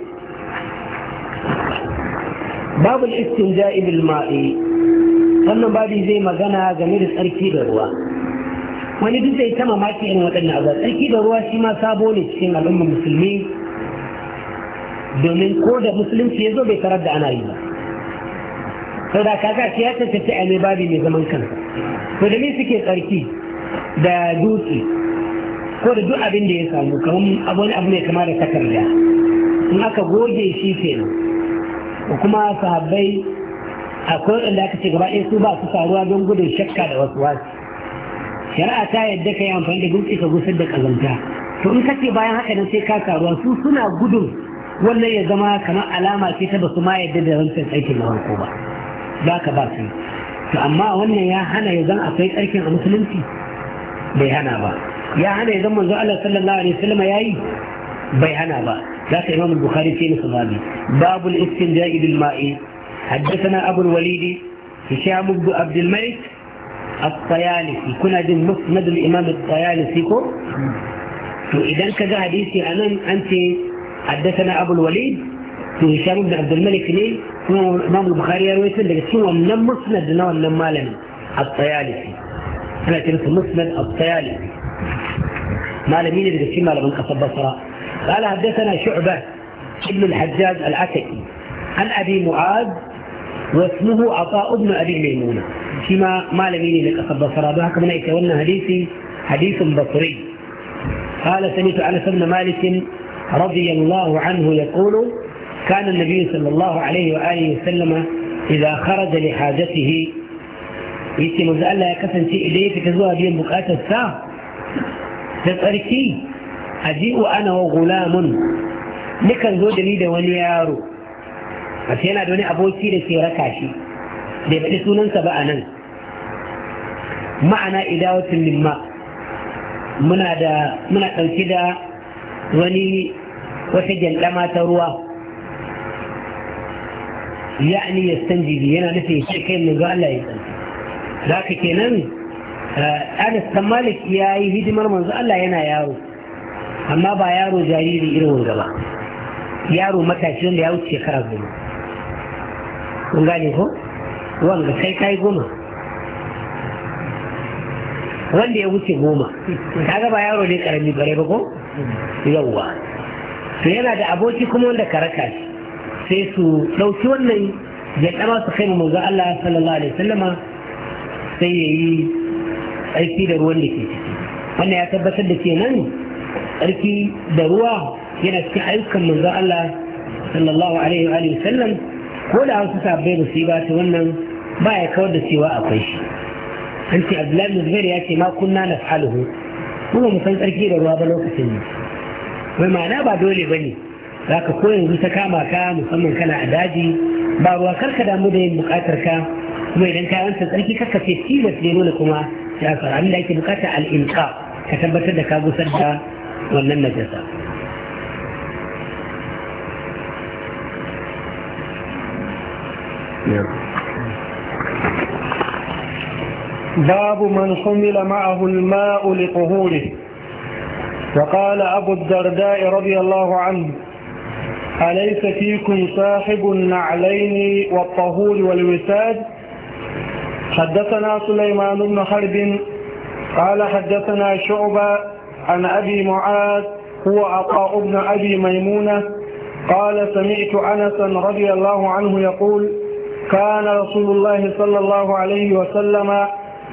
باب الاستنجاء بالماء wannan babi zai magana game da tsarki da ruwa wani duk zai ta mamaki irin waɗannan abu tsarki da ruwa shi ma sabo ne cikin al'ummar musulmi domin ko da musulunci ya zo bai tarar da ana yi ba sau da kaga ce ya tattace a mai babi mai zaman kansa to da me suke tsarki da dutse ko da duk abin da ya samu kamar wani abu mai kama da takarda in aka goge shi kenan ko kuma sahabbai akwai wanda aka ce gaba ɗaya su ba su faruwa don gudun shakka da wasu wasu shari'a ta yadda ka yi amfani da gutsi ka gusar da kazanta to in kace bayan haka nan sai ka karuwa su suna gudun wannan ya zama kamar alama ce ta basu ma yadda da rantsar aikin na farko ba ba ka ba su to amma wannan ya hana ya zan akwai tsarkin a musulunci bai hana ba يا hana idan من زعل صلى الله عليه وسلم يا أي بيهنا با ka imam البخاري في masa باب babul istinja'i حدثنا أبو الوليد هشام بن عبد الملك الطيالسي كنا دين مسند الإمام الطيالسي كو فإذا كذا حديثي أنا أنت حدثنا أبو الوليد هشام بن عبد الملك لي هو الإمام البخاري يروي سنة شو من مسند نوع من مالنا الطيالسي أنا كنت مسند الطيالسي ما لم daga cikin malaman قصب بصرة قال حدثنا شعبة ابن الحجاج العتكي عن أبي معاذ واسمه عطاء بن أبي ميمونة فيما ما لميني لك قصب بصرة كما يتولى حديثي حديث بصري قال سمعت عن سيدنا مالك رضي الله عنه يقول كان النبي صلى الله عليه وآله وسلم إذا خرج لحاجته يتي مزألة يكسن شيء إليه في كذوها بين بقاتة الساعة da tsarki a aji'u ana wa gulamun nikan zo da ni da wani yaro wasu yana da wani aboki da ke raka shi bai faɗi sunansa ba a nan ma'ana idawatin limma muna ɗauki da wani wata gyandama ta ruwa ya'ani ya yana nufin shi kai mu Allah ya tsarki Za ka kenan Anas kan Malik ya yi hidimar manzo Allah yana yaro amma ba yaro jariri irin wanda ba yaro matashi wanda ya wuce shekara goma kun gane ko wanga kai kai goma wanda ya wuce goma kaga ba yaro ne karami bare ba ko yawwa to yana da aboki kuma wanda karaka sai su ɗauki wannan ya ɗama su kai manzo Allah sallallahu alaihi wasallama sai ya yi tsarki da ruwan da ke ciki wannan ya tabbatar da kenan tsarki da ruwa yana cikin ayyukan manzon Allah sallallahu alaihi wa sallam ko da wasu sabbai ba su yi ba ta wannan ba ya kawar da cewa akwai shi an ce abdullahi bin zubair ya ce ma kunna na faluhu mu ba mu san tsarki da ruwa ba lokacin ne wai ma'ana ba dole ba ne za ka ko yanzu ta kama ka musamman kana a daji ba ruwa karka damu da yin bukatar ka kuma idan ka yanta tsarki karka ce tilas ne dole kuma shafar abin da ake bukata al'inka ka tabbatar da ka gusar da wannan najasa باب من حمل معه الماء لطهوره وقال أبو الدرداء رضي الله عنه أليس فيكم صاحب النعلين والطهور والوساد؟ حدثنا سليمان بن حرب قال حدثنا شعبة عن أبي معاذ هو عطاء بن أبي ميمونة قال سمعت أنسا رضي الله عنه يقول كان رسول الله صلى الله عليه وسلم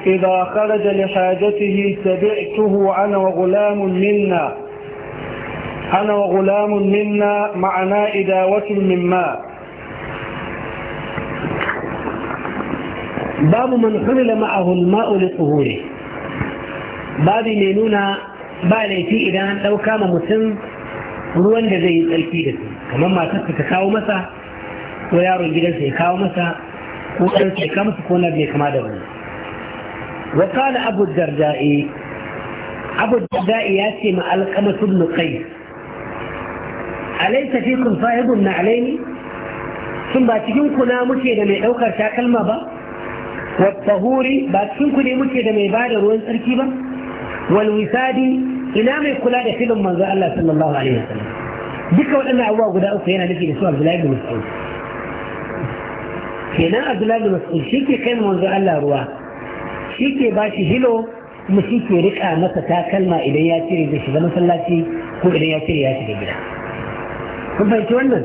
إذا خرج لحاجته تبعته أنا وغلام منا أنا وغلام منا مع إداوة من ماء باب من حمل معه الماء لطهوره babi mai nuna ba laifi idan an ɗauka ma mutum ruwan da zai yi tsarki da su kamar matarsa ta kawo masa ko yaron gidansa ya kawo masa ko ɗansa ya kawo masa ko na bai kama da wani wakala abu darda'i abu darda'i ya ce ma alƙamasun nukai alaisa fi kun sahibun na alaini sun ba cikin kuna muke da mai ɗaukar takalma ba والطهور باكين كني مكي دا ميبادة روان تركيبا والوساد إنا ما يقول هذا فيلم من الله صلى الله عليه وسلم duka waɗannan abubuwa guda uku yana nufi da su Abdullahi bin Mas'ud kenan Abdullahi bin Mas'ud shi ke kai manzo Allah ruwa shi ke ba shi hilo kuma shi ke rika masa takalma idan ya cire da shiga masallaci ko idan ya cire ya shiga gida kun fahimci wannan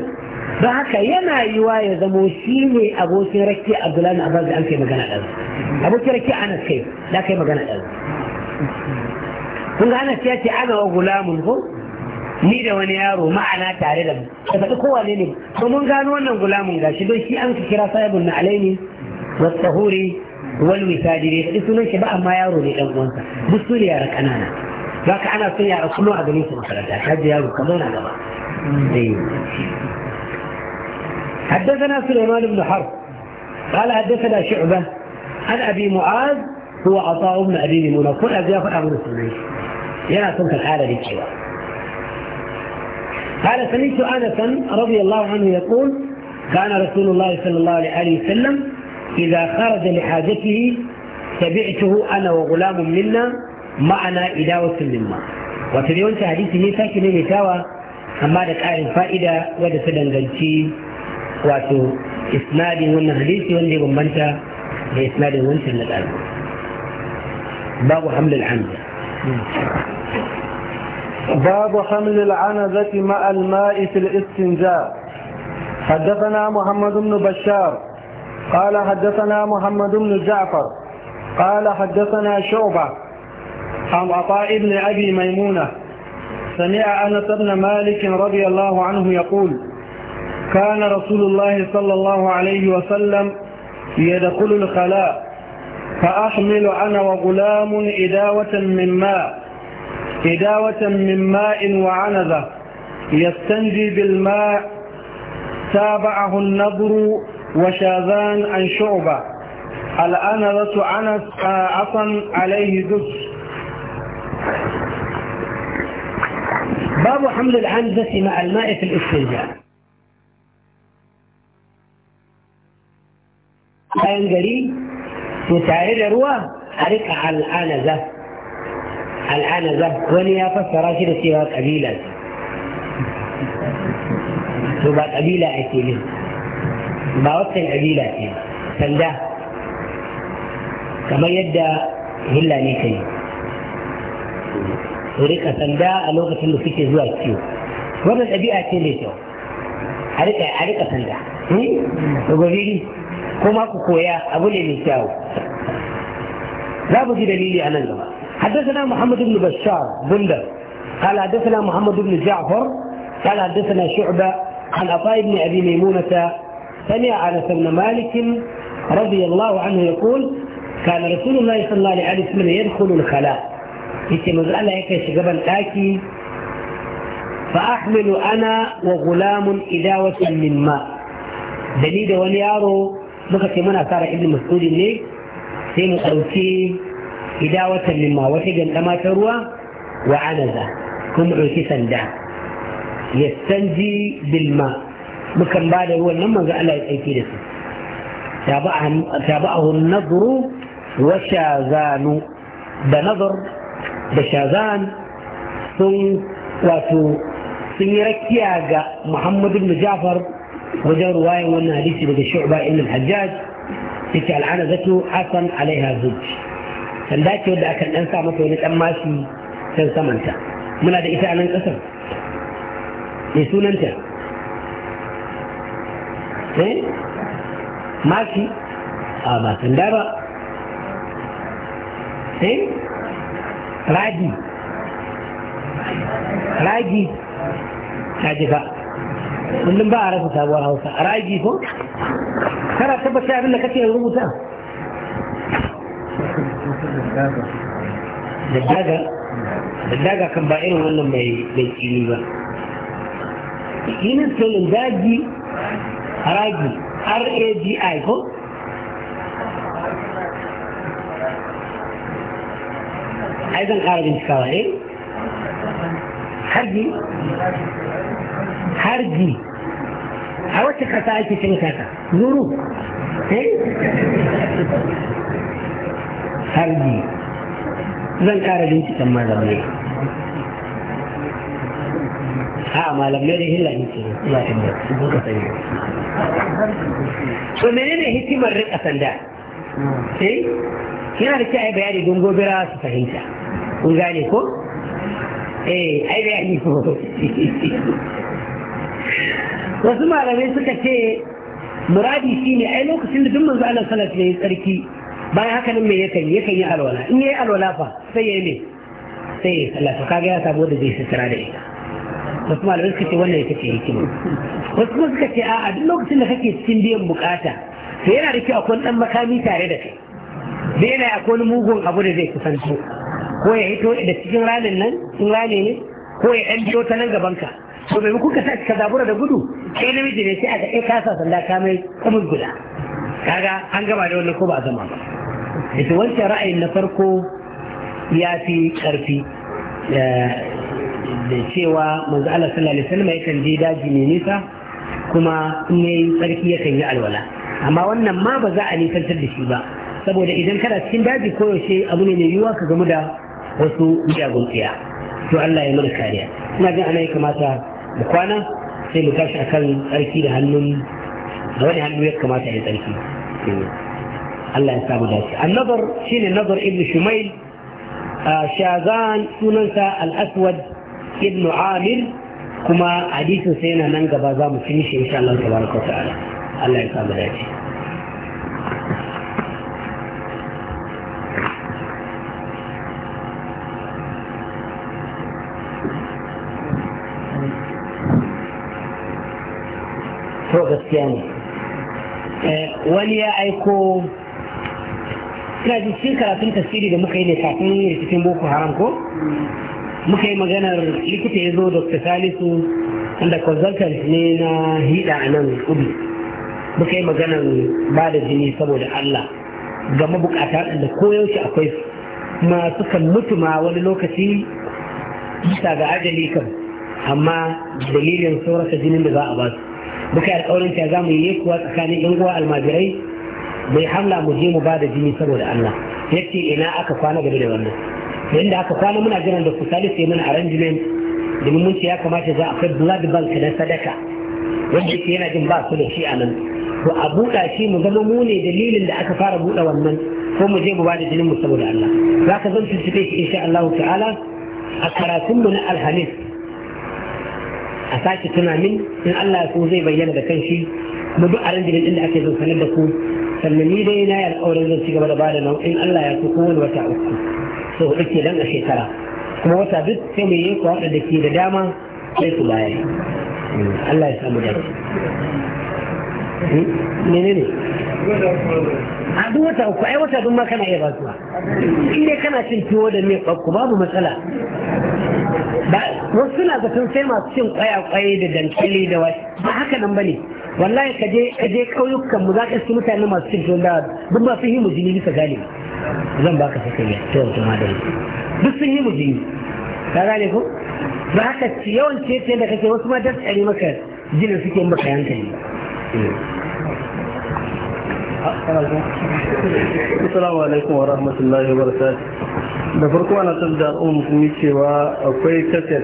don haka yana yiwa ya zamo shi ne abokin rakki abdullahi na abbas da an kai magana ɗan abokin rakki anas kai da kai magana ɗan kun ga anas ce ana wa gulamun ko ni da wani yaro ma'ana tare da mu ka faɗi kowane ne to mun gano wannan gulamun gashi don shi an ka kira sahibun na alaini wasahuri wal misajiri faɗi sunan shi ba amma yaro ne ɗan uwansa duk su ne yara ƙanana Ba ka ana son yara kullum a ganin su makaranta ta ji yaro ka zauna gaba eh. حدثنا سليمان بن حرب قال حدثنا شعبة عن أبي معاذ هو عطاء بن أبي ميمونة كل أبي يأخذ أمر سليمان يا كنت الحالة دي قال سمعت أنسا رضي الله عنه يقول كان رسول الله صلى الله عليه وسلم إذا خرج لحاجته تبعته أنا وغلام منا معنا إلى إداوة مما وتبيون حديثي نيساكي نيساوى أما دك آئين فائدة ودسدن غلتي واتو isnadin ون hadisi ون ya bambanta da isnadin wancan na باب حمل العنزه باب حمل العنزة مع الماء في الاستنجاء حدثنا محمد بن بشار قال حدثنا محمد بن جعفر قال حدثنا شعبة عن عطاء بن أبي ميمونة سمع أنس بن مالك رضي الله عنه يقول كان رسول الله صلى الله عليه وسلم يدخل الخلاء فأحمل أنا وغلام إداوة من ماء إداوة من ماء وعنزة يستنجي بالماء تابعه النضر وشاذان عن شعبة الأنذة عنس عصا عليه دس باب حمل العنزة مع الماء في الاستنجاء bayan gari to tare da ruwa a rika al'anaza al'anaza wani ya fassara shi da cewa kabila to ba kabila ake ne ba wasan kabila ce sanda kamar yadda hilla ne ta yi su rika sanda a lokacin da suke zuwa ciwo wannan ɗabi'a ce mai kyau a rika sanda gobe kuma ku koya abu ne mai kyau za mu ji حدثنا محمد بن بشار بندر قال حدثنا محمد بن جعفر قال حدثنا شعبة عن عطاء بن أبي ميمونة سمع عن بن مالك رضي الله عنه يقول كان رسول الله صلى الله عليه وسلم يدخل الخلاء يتم الله يكش قبل تاكي فأحمل أنا وغلام إداوة من ماء دليل وليارو muka ce muna fara ibn mas'udin ne sai mu ɗauki idawatan limma wata gandama ta ruwa wa anaza kuma mu ɗauki sanda yastanji bilma mukan ba da ruwan nan manzo Allah ya tsaiki da su tabi'ahu an-nadru wa shazanu da nazar da shazan sun wato sun yi rakiya ga Muhammadu bin Jafar وجاء رواية وأن حديث بن شعبة إن الحجاج تلك العنة ذاته حسن عليها زوج كان ذاك يود أكن أنسى مطولة أماشي تنسى منتا من هذا إساء من قصر يسون أنت إيه؟ ماشي آه ما تندابا إيه؟ راجي راجي راجي بقى kullum ba a rasa sabuwar hausa a ra'ayi ko kana tabbata abin da kake rubuta daddaga daddaga kan ba irin wannan mai mai tsini ba yinin tolin daji haragi ragi ko ai zan kara bincikawa eh hargi harji a wacce kasa ake cin kasa zuru eh? harji zan kara binciken malamai ha malamai da hila ne ke ya hanyar sun ka sani so menene hikimar rika sanda sai eh? yana da kyau a bayani don gobira su fahimta kun gane ko eh ai bayani ko wasu malamai suka ce muradi shine ai lokacin da duk manzo Allah sallallahu alaihi wasallam tsarki bayan haka nan me yakan yakan yi alwala in yayi alwala fa sai yayi ne sai yayi sallah to kaga ya sabo da zai sutura da ita wasu malamai suka ce wannan yake ce hikima wasu kuma suka ce a'a duk lokacin da kake cikin biyan bukata to yana da kyau akwai dan makami tare da kai da yana akwai wani mugun abu da zai kusanto ko ya hito da cikin ranin nan in rane ne ko ya ɗan biyo ta nan gaban ka to bai kuka sa ka zabura da gudu kai namiji ne sai aka kai kasa sanda ka mai kamar guda kaga an gaba da wannan ko ba zama ba ita wancan ra'ayin na farko ya fi karfi eh, da cewa manzo Allah sallallahu alaihi wasallam yakan daji ne nisa kuma in yayi tsarki yakan yi alwala amma wannan ma ba za a nisantar da shi ba saboda idan kana cikin daji koyaushe abu ne mai yiwuwa ka gamu da wasu miyagun tsiya to Allah ya mana kariya ina jin ana yi kamata da kwana sai mu tashi akan tsarki da hannun da wani hannu ya kamata ya tsarki Allah ya samu dace annabar shine nazar ibn shumail shazan sunansa al-aswad ibn amir kuma hadisin sai yana nan gaba za mu fi shi insha Allah tabaraka wa ta'ala Allah ya samu dace gaskiya eh, wani ya aiko ina ji cikin karatun tasiri da muka yi ne kafin cikin boko haram ko muka yi maganar likita ya zo dr salisu wanda consultant ne na hida a nan kudu muka yi maganar ba da jini saboda allah ga mabukata da koyaushe akwai masu kan mutu wani lokaci bisa ga ajali kan amma dalilin saurasa jinin da za a basu. بكار أولين كزامي يكوى كان ينقوى المادري بحملة مهمة بعد جيمي سبو الله يكي إنا أكفانا قبل وانا لأن أكفانا من أجل أن دفتالي سيمن أرنجمين لمن من شياكو ما شزا أخي بلاد بلك لسدكا وانجي سينا جنبا سلو شيئا من وأبو لا شيء مظلموني دليل اللي أكفار أبو لا ومن هو مجيب بعد جيمي سبو الله لكن ظن في إن شاء الله تعالى أكرا ثم من الحديث a sake tunanin in Allah ya so zai bayyana da kanshi kuma duk aranjimin din da ake zan sanar da ku sannan ni dai na yi alƙawarin zan ci gaba da bada nan in Allah ya so wani wata uku so ke dan a shekara kuma wata duk sai mai yi kwa ke da dama sai su bayar Allah ya samu dace hmm? a duk wata uku ai wata duk ma kana iya basuwa kana cin tuwo da mai kwakku babu matsala wasu na zaton sai masu cin kwaya-kwaye da dankali da wai ba haka nan ba ne wallahi ka je ka je kauyukan mu za ka su mutane masu cin tuwon dawa duk ba su yi mu jini bisa gane zan ba baka sakai ya ta wata madari duk sun yi mu jini ka gane ko ba haka ci yawan ce da kake wasu ma da tsari maka jinin suke maka yankali Assalamu alaikum wa rahmatullahi wa barakatuh. da farko ana san da al'umma musulmi cewa akwai kaset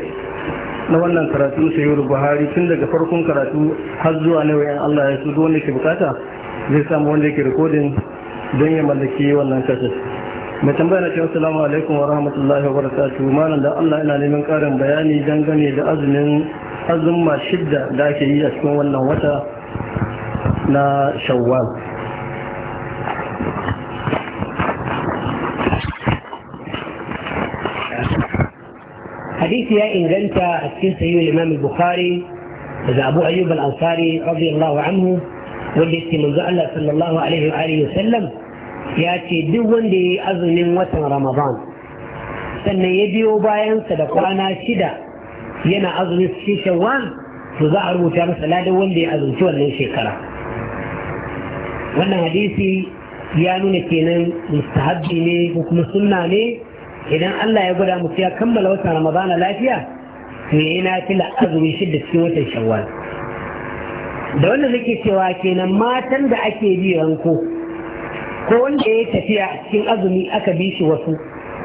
na wannan karatu sai yuru buhari tun daga farkon karatu har zuwa na wayan allah ya su wanda ke bukata zai samu wanda yake rikodin don ya mallaki wannan kaset mai tambaya na cewa salamu alaikum wa rahmatullahi wa barakatu malam da allah ina neman karin bayani dangane da azumin azumma shidda da ake yi a cikin wannan wata na shawwal حديث يا إن جنت في سيو الإمام البخاري إذا أبو أيوب الأنصاري رضي الله عنه والذي من الله صلى الله عليه وآله وسلم يأتي دون دي أظن وطن رمضان سنة يبيو باين صدقانا شدة ينا أظن في شوال تظهر متامسة لا دون دي أظن شوال من شكرا وانا حديثي ya nuna kenan mustahabbi ne ko kuma sunna ne idan Allah ya gwada musu ya kammala watan ramadana lafiya to yayi nafila azumi shidda cikin watan shawwal da wanda nake cewa kenan matan da ake bi ranko ko wanda ya tafiya cikin azumi aka bi shi wasu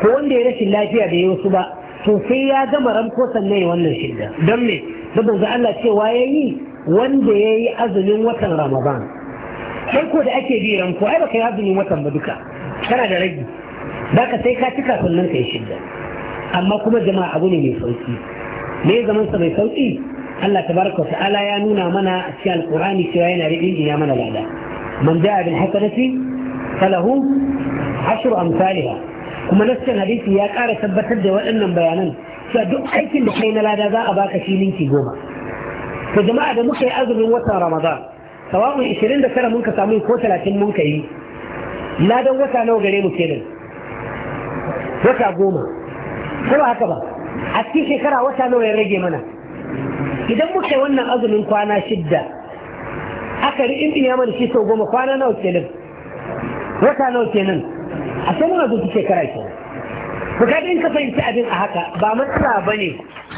ko wanda ya rashin lafiya da ya wasu ba to sai ya gama ranko sannan ya wannan shidda don me don Allah cewa yayi wanda yayi azumin watan ramadan sai ko da ake bi ranko ai baka yi azumin watan ba duka kana da ragi za sai ka cika sannan kai shidda amma kuma jama'a abu ne mai sauki me zaman sa mai sauki Allah tabaraka ta'ala ya nuna mana a cikin alqur'ani cewa yana rubin ina mana lada man da'a bil hasanati falahu ashru amsalha kuma nassin hadisi ya ƙara tabbatar da waɗannan bayanan cewa duk aikin da kai na lada za a baka shi ninki goma to jama'a da muka yi azumin watan ramadan sawa'un 29 mun ka samu ko 30 mun ka yi ladan wata nawa gare mu kenan wata goma ko ba haka ba a cikin shekara wata nawa ya rage mana idan muka yi wannan azumin kwana shidda aka ri'in ya mana shi sau goma kwana nawa nan, wata nawa kenan a sai muna zuci shekara ke ku kaga in ka fahimci abin a haka ba matsala ba ne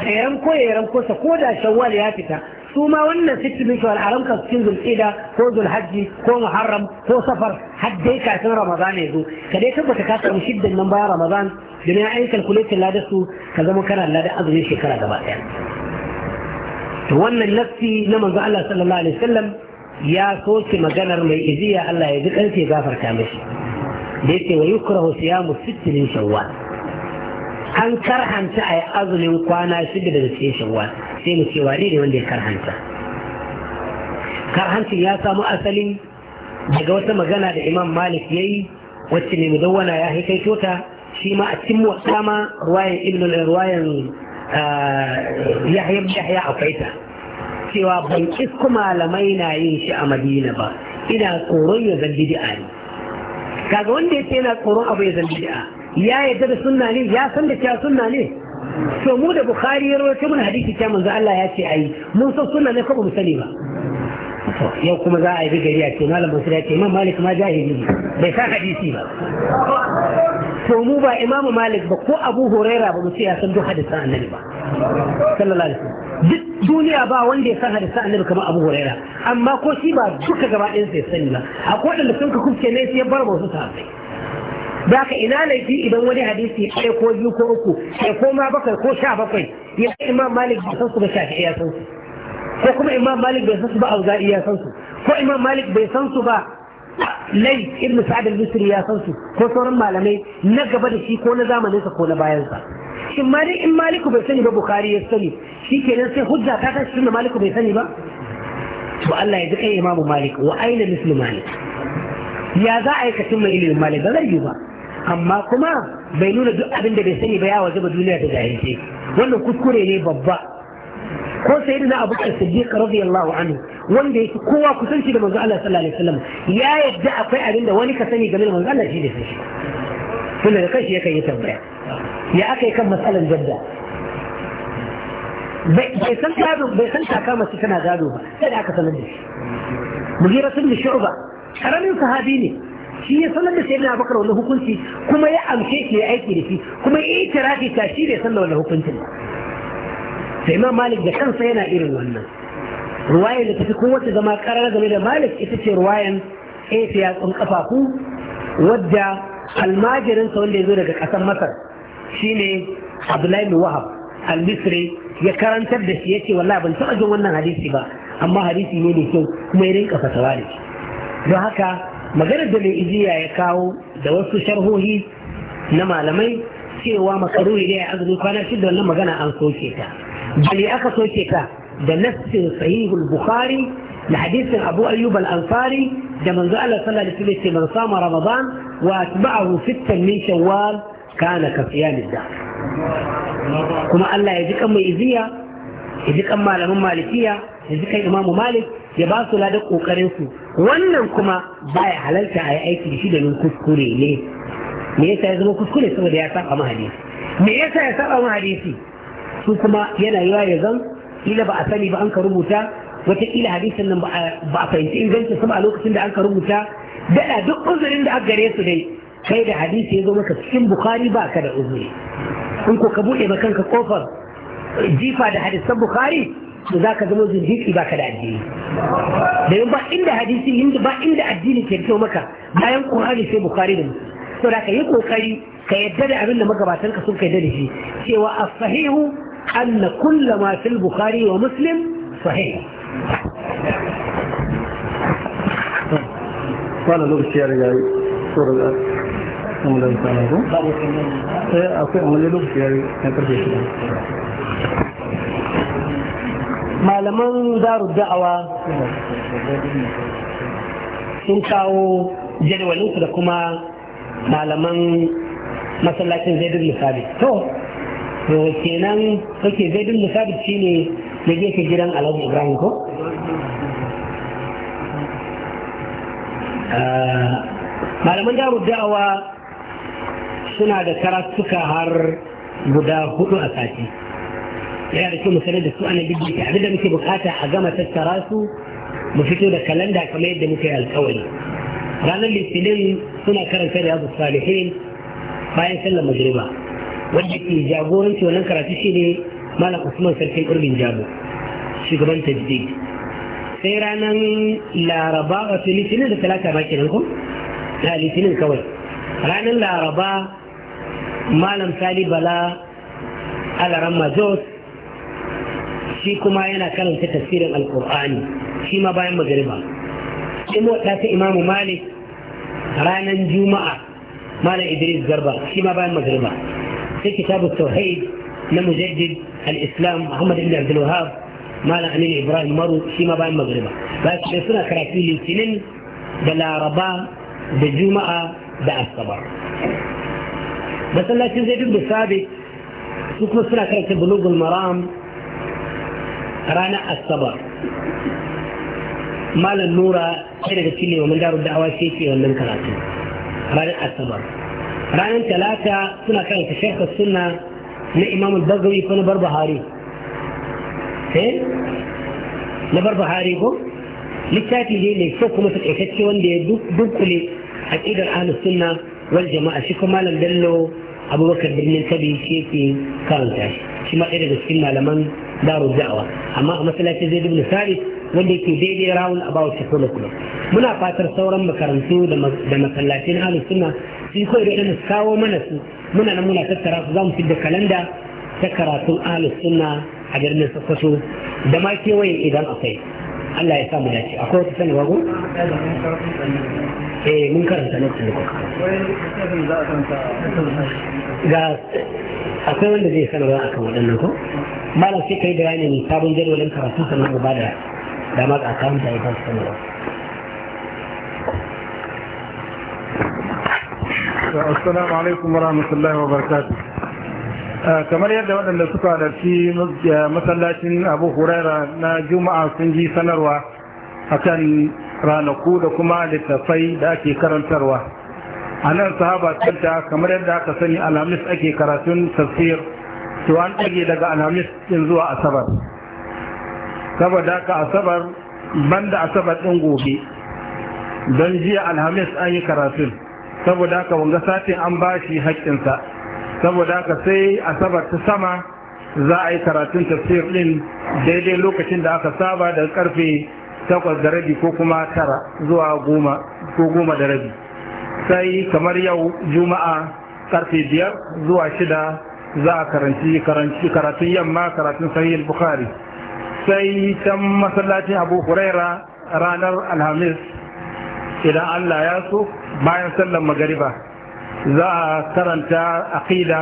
yaran ko yaran ko da shawwal ya fita su ma wannan sittin min shawar haram kan cikin zulqida ko zulhajji ko muharram ko safar har dai kafin ramadan ya zo ka dai tabbata ka samu shiddan nan bayan ramadan domin ayi kalkulatin lada su ka zama kana lada azumin shekara gaba daya to wannan nafsi na manzo Allah sallallahu alaihi wasallam ya soke maganar mai iziya Allah ya ji kansa ya gafarta mishi da yake wa yukrahu siyamu sittin shawwal an karhanta a azumin kwana shida da cikin shawwal sai mu ce ne wanda ya karhanta karhancin ya samu asali daga wata magana da imam malik ya yi wacce ne mudawwana ya haikai tota shi ma a cikin wata ma ruwayan ibnu ruwayan ah, yahya yahya akwai ta cewa ban isko malamai na yin shi a madina ba ina tsoron ya zambi a ne kaga wanda ya ce yana tsoron abu ya zambi a. ya yadda da sunna ne ya san da cewa sunna ne to mu da bukhari ya rawaito mun hadisi cewa manzo Allah ya ce ai mun san sunna ne ko ba mu sani ba yau kuma za a yi gari a ce malam Mansur ya ce imam Malik ma jahili ne bai san hadisi ba to mu ba Imam Malik ba ko Abu Huraira ba mu ce ya san duk hadisan annabi ba sallallahu alaihi wasallam duk duniya ba wanda ya san hadisan annabi kamar Abu Huraira amma ko shi ba duka gaba ɗayan sai sani ba akwai wanda sun ka kuke ne sai ya bar wasu sahabbai da ka ina laifi idan wani hadisi ɗaya ko biyu ko uku ya koma bakwai ko sha bakwai ya ce imam malik bai san su ba shafi ya san su ko kuma imam malik bai san su ba auza'i ya san su ko imam malik bai san su ba lai ibn sa'ad al-misri ya san su ko sauran malamai na gaba da shi ko na zamaninsa ko na bayansa shin ma dai in maliku bai sani ba bukhari ya sani shi kenan sai hujja ta shi da maliku bai sani ba to Allah ya ji kai imamu malik wa aina muslimani malik ya za a yi katin mai ilimin malik ba zai yi ba amma kuma bai nuna duk abin da bai sani ba ya waje ba duniya da jahilce wannan kuskure ne babba ko sai da abu kan siddiq radiyallahu anhu wanda yake kowa kusanci da manzo Allah sallallahu alaihi wasallam ya yadda akwai abin da wani ka sani game da manzo Allah shi ne da shi tunda da kashi yakan yi tambaya ya aka yi kan matsalan jadda bai san gado bai san kaka mace tana gado ba sai da aka sanar da shi mugira sun da shu'ba karamin sahabi ne shi ya sanar da sayyidina bakar wannan hukunci kuma ya amshe shi ya aiki da shi kuma ya yi tirafi ta shi bai sanar wannan hukunci. sai ma malik da kansa yana irin wannan ruwayan da tafi kowace zama karar game da malik ita ce ruwayan efe tsun kafafu wadda almajirinsa wanda ya zo daga kasar masar shine abdullahi wahab al-misri ya karantar da shi yace wallahi ban taɓa jin wannan hadisi ba amma hadisi ne mai kyau kuma ya rinka fatawa da shi don haka maganar da mai iziya ya kawo da wasu sharhohi na malamai cewa makaruhi ne ya azumi kwana shida wannan magana an soke ta bali aka soke ta da nassin sahihul bukhari da hadisin abu ayyub al-ansari da manzo Allah sallallahu alaihi wasallam ce man sama ramadan wa atba'ahu sittan min shawwal kana ka siyam da kuma Allah ya ji kan mai iziya ya ji kan malaman malikiya ya ji kan imamu malik ya ba su ladan kokarin su wannan kuma ya halalta a yi aiki da shi da kuskure ne me yasa ya zama kuskure saboda ya saba mahadisi me yasa ya saba mahadisi su kuma yana yiwa ya zan kila ba a sani ba an ka rubuta wataƙila hadisin nan ba a fahimci ingancin su ba a lokacin da an ka rubuta daɗa duk uzurin da aka gare su dai kai da hadisi ya zo maka cikin bukari ba ka da uzuri in ko ka buɗe ma kanka kofar jifa da hadisan bukari to za ka zama zindiki ba ka da addini domin ba inda hadisi inda ba inda addini ke fito maka bayan ƙur'ani sai bukari da mu to da ka yi ƙoƙari ka yadda da abin da magabatan ka sun kai da shi cewa a sahihu an na kulla ma fil bukari wa muslim sahih wannan lokaci ya riga yi tsoron da kuma da mutane ko? Eh, akwai amma lokaci ya riga na karfe shida malaman daru da'awa sun kawo jadawalinsu da kuma malaman masallacin zaidun misali to to kenan kake zaidun misali ne da gefe gidan alhaji ibrahim ko ah, malaman daru da'awa suna da karatuka har guda hudu a sati yana da kyau mu sanar da su ana bibbi abin da muke bukata a gama tattara su mu fito da kalanda kamar yadda muka yi alkawari ranar litinin suna karanta da yabu salihin bayan sallar majriba. wanda ke jagoranci wannan karatu shi ne malam usman sarkin urbin jago shugaban tajdid sai ranar laraba wato litinin da talata ma kenan ko da litinin kawai ranar laraba malam sali bala alaramma jos shi kuma yana karanta tafsirin alkur'ani shi ma bayan magariba shi wata ta imamu malik ranar juma'a malam idris garba shi ma bayan magariba sai kitabu tauhid na mujaddid al-islam muhammad ibn abdul wahab malam amin ibrahim maru shi ma bayan magariba ba su suna karatu litinin da laraba da juma'a da asabar masallacin zai duk da sabi su kuma suna karanta bulugul maram ranar asabar malam nura sai daga cikin lewamin daru da'awa sai ke wannan karatu ranar asabar ranar talata suna karanta shekar suna na imamul bagawi ko na barbahari eh na barbahari ko littafi ne ne ko kuma takaitacce wanda ya a ƙidar ahlus suna wal jama'a shi kuma malam bello abubakar birnin tabi shi yake karanta shi shi ma ɗaya daga cikin malaman daru da'awa amma a masallacin zai dubna sari wanda yake daidai rawun a bawa shekau da kuma muna fatar sauran makarantu da masallacin halin suna sun kawai da kawo mana su muna nan muna tattara su za mu fidda kalanda ta karatun ahlus sunna a birnin sokoto da ma kewayen idan akwai Allah ya sa mu dace akwai wata sanarwa ko eh mun karanta na tuni ga akwai wanda zai sanarwa akan waɗannan ko malam sai kai bayani ne sabon jadawalin karatu sannan mu bada dama ga samun da ita sanarwa assalamu alaikum wa rahmatullahi wa barakatuh uh, kamar yadda waɗanda suka halarci uh, masallacin abu huraira na juma'a sun ji sanarwa akan ranaku da kuma littattafai da ake karantarwa a nan sahaba canta kamar yadda aka sani alhamis ake karatun tafsir to an ɗage daga alhamis ɗin zuwa asabar saboda haka asabar banda asabar ɗin gobe don jiya alhamis an yi karatun saboda haka wanga satin an ba shi sa saboda ka sai asabar ta sama za a yi karatun tafsir ɗin daidai lokacin da aka saba da karfe takwas da rabi ko kuma tara zuwa goma ko goma da rabi sai kamar yau juma'a karfe biyar zuwa shida za a karanci karatun yamma karatun sahihul bukhari sai can masallacin abu huraira ranar alhamis idan allah ya so bayan sallar magariba za a karanta aqida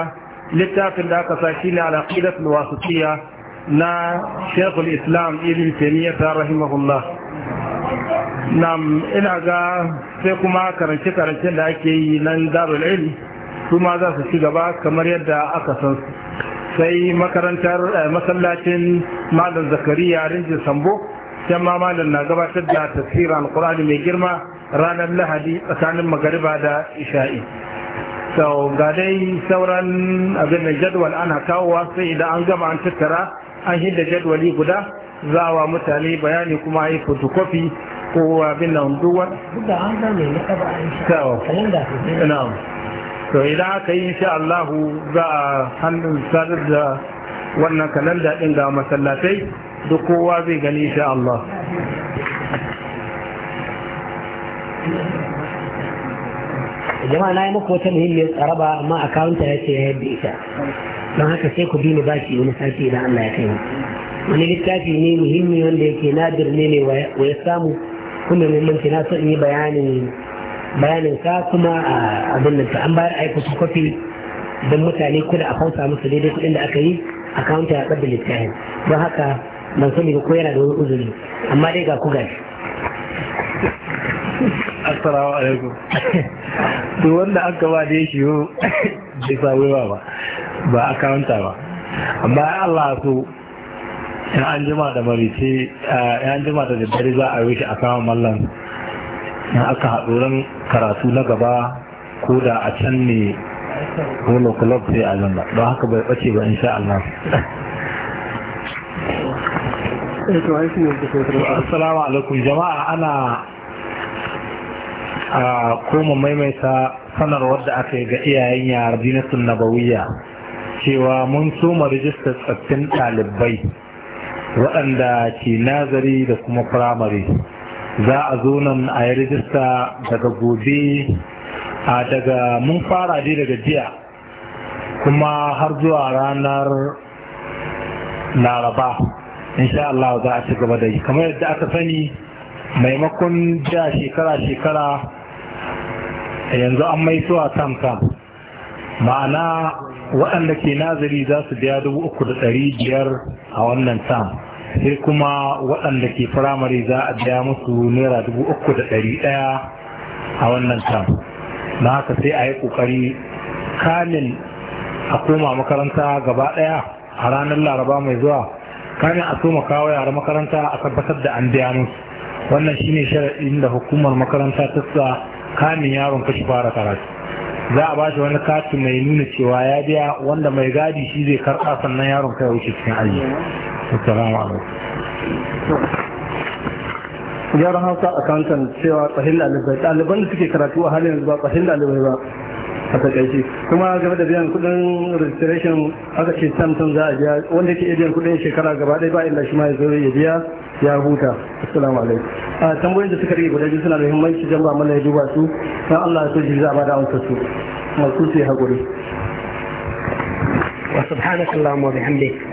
littafin da aka sa shine al-aqidatul wasitiyya na shekul islam ibn taymiyyah rahimahullah nam ina ga sai kuma karance-karancen da ake yi nan darul ilm su ma za su ci gaba kamar yadda aka san su sai makarantar eh, masallacin malam zakariya rinjin sambo can ma malam na gabatar da tasirin alkurani mai girma ranar lahadi tsakanin magariba da isha'i sau ga dai sauran abin da jadwal ana kawowa sai idan an gama an tattara an hidda jadwali guda za wa mutane bayani kuma yi fotokofi ko abin nan duwar. to idan aka yi insha allahu za a hannun sadar da wannan kalanda din ga masallatai duk kowa zai gani insha Allah jama'a na yi muku wata muhimmiyar tsaraba amma akawunta ya ce ya yadda ita don haka sai ku bi ni bashi wani sati idan Allah ya kai mu wani littafi ne muhimmi wanda yake nadir ne ne wa ya samu kuma muhimmanci na son yi bayanin bayanin sa kuma a abin nan an bayar aiko su kwafi don mutane kuda a kausa musu daidai kuɗin da aka yi a kawunta ya ƙabda littafin don haka ban sani ba ko yana da wani uzuri amma dai ga ku gashi assalamu alaikum to wanda aka gaba da ya shiyo bai sabo ba ba ba a kawunta ba amma Allah so in an jima da marice eh, in an jima da daddare za a yi shi a kawo mallan na aka haɗu karatu na gaba ko da a can ne wani club sai a zanna don haka bai bace ba insha Allah eh, assalamu alaikum jama'a ana a koma maimaita sanarwar da aka yi ga iyayen yara dinatun nabawiyya cewa mun soma rijistar tsaffin ɗalibai waɗanda ke nazari da kuma firamare za a zo nan a yi rijista daga gobe a daga mun fara dai daga jiya kuma har zuwa ranar laraba insha Allah za a ci gaba da yi kamar yadda aka sani maimakon jiya shekara-shekara yanzu an mai suwa tam ma'ana waɗanda ke nazari za su biya dubu uku da ɗari biyar a wannan tam sai kuma waɗanda ke firamare za a biya musu naira dubu uku da ɗari ɗaya a wannan tam na haka sai a yi ƙoƙari kamin a koma makaranta gaba ɗaya a ranar laraba mai zuwa kamin a soma kawo yara makaranta a tabbatar da an biya musu wannan shine sharaɗin da hukumar makaranta ta sa kamin yaron kashi fara karatu za a bashi wani kati mai nuna cewa ya biya wanda mai gadi shi zai karɓa sannan yaron kai wuce cikin aji assalamu alaikum gyaran hausa a kankan cewa tsahin ɗalibai ɗaliban da suke karatu a halin yanzu ba tsahin ɗalibai ba a takaice kuma game da biyan kudin registration aka ce samson za a biya wanda ke biyan kudin shekara gaba ɗaya ba inda shi ma ya zo ya biya ya huta assalamu alaikum a tambayoyin da suka rage guda biyu suna da muhimmanci jan ba mana ya duba su dan Allah ya so ji za a bada amsa su masu su yi hakuri wa subhanakallahumma wa bihamdika